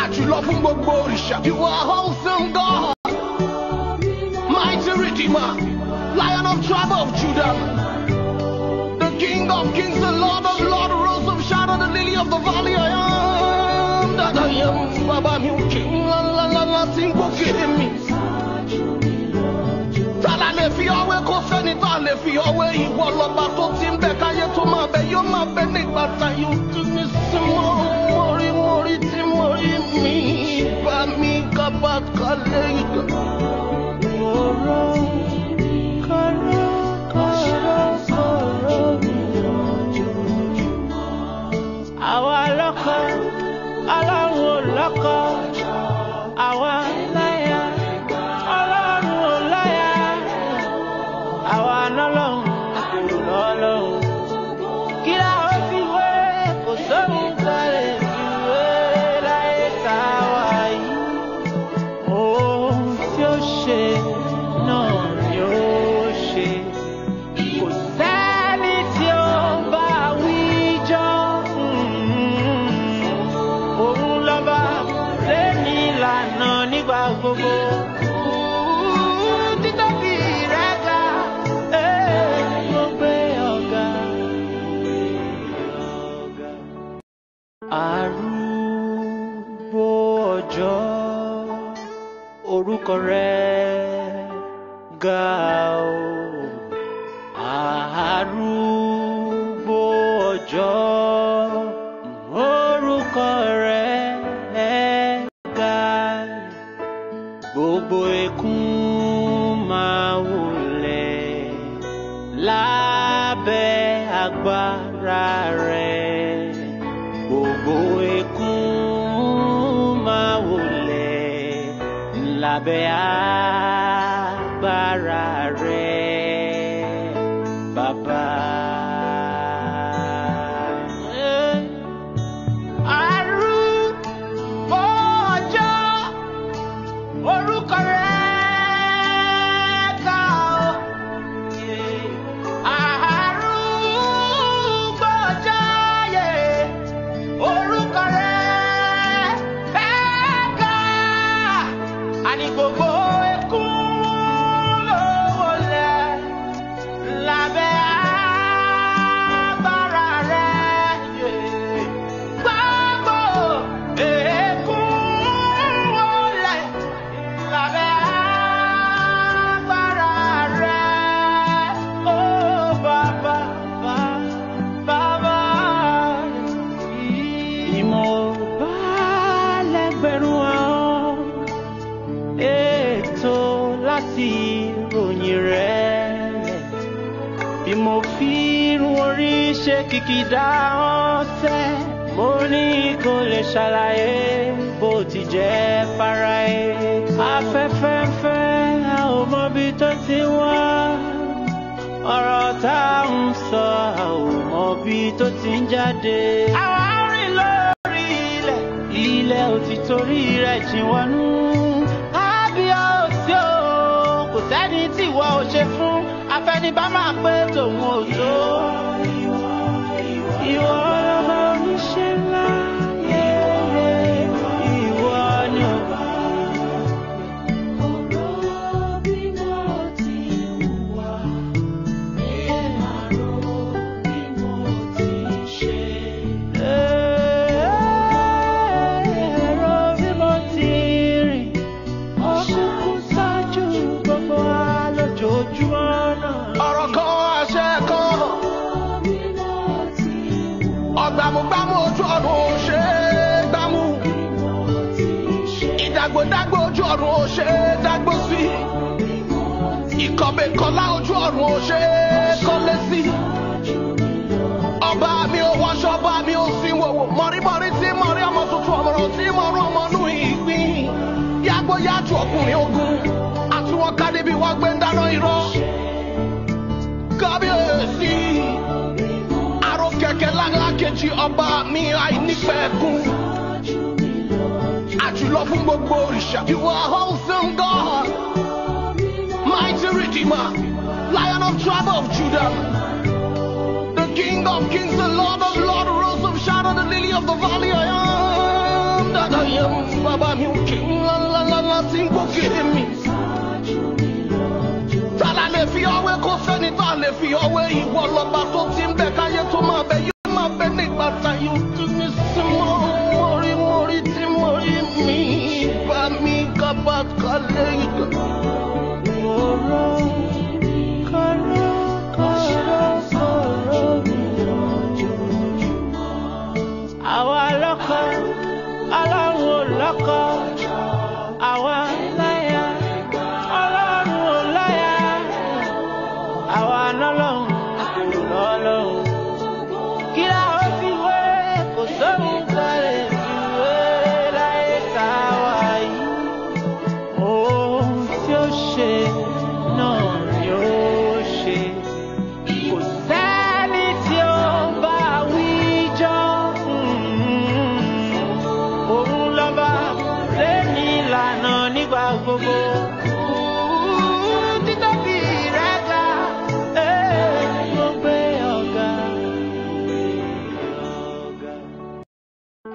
àjùlọ fún gbogbo òrìṣà. you are wholesome God. Redeemer, Lion of tribe of Judah, the King of kings, the Lord of lords, Rose of shadow, the Lily of the Valley. I am that I am. Baba mi o king, la la la la, sing o kiri mi. Tala le fi ọwẹ́ kó sẹ́ni tá a lè fi ọwẹ́ ìwọ lọ́ba tó ti ń bẹ káyé tó máa bẹ yóò máa bẹ nígbà tá yóò tún ní símọ́ mórí mórí tí mi bá mi kábàkálẹ̀ ìgbà. ọba mi àìnípẹ̀ kún. Àjùlọ fún gbogbo òrìṣà. You are wholesome God, mighty redeemer, lion of tribe of Judah, the king of kings, the lord of lords, rose of Sharon, the lily of the valley. I am that I am. Bàbá mi ò oh, King. ń lá lá lá lá sí gbókè mi. Tálá lè fi ọwé kó sẹ́ni tá a lè fi ọwé ìwọ lọ́ba tó ti ń bẹ káyé tó máa bẹ yí. pé nípa tayo tún ní súnmọ́ mọ́rí mọ́rí tí mọ́rí mi bá mi kábàkálẹ̀ ìgbà.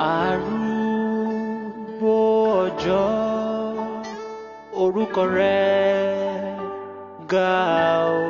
arúgbó ọjọ́ orúkọ rẹ̀ ga o.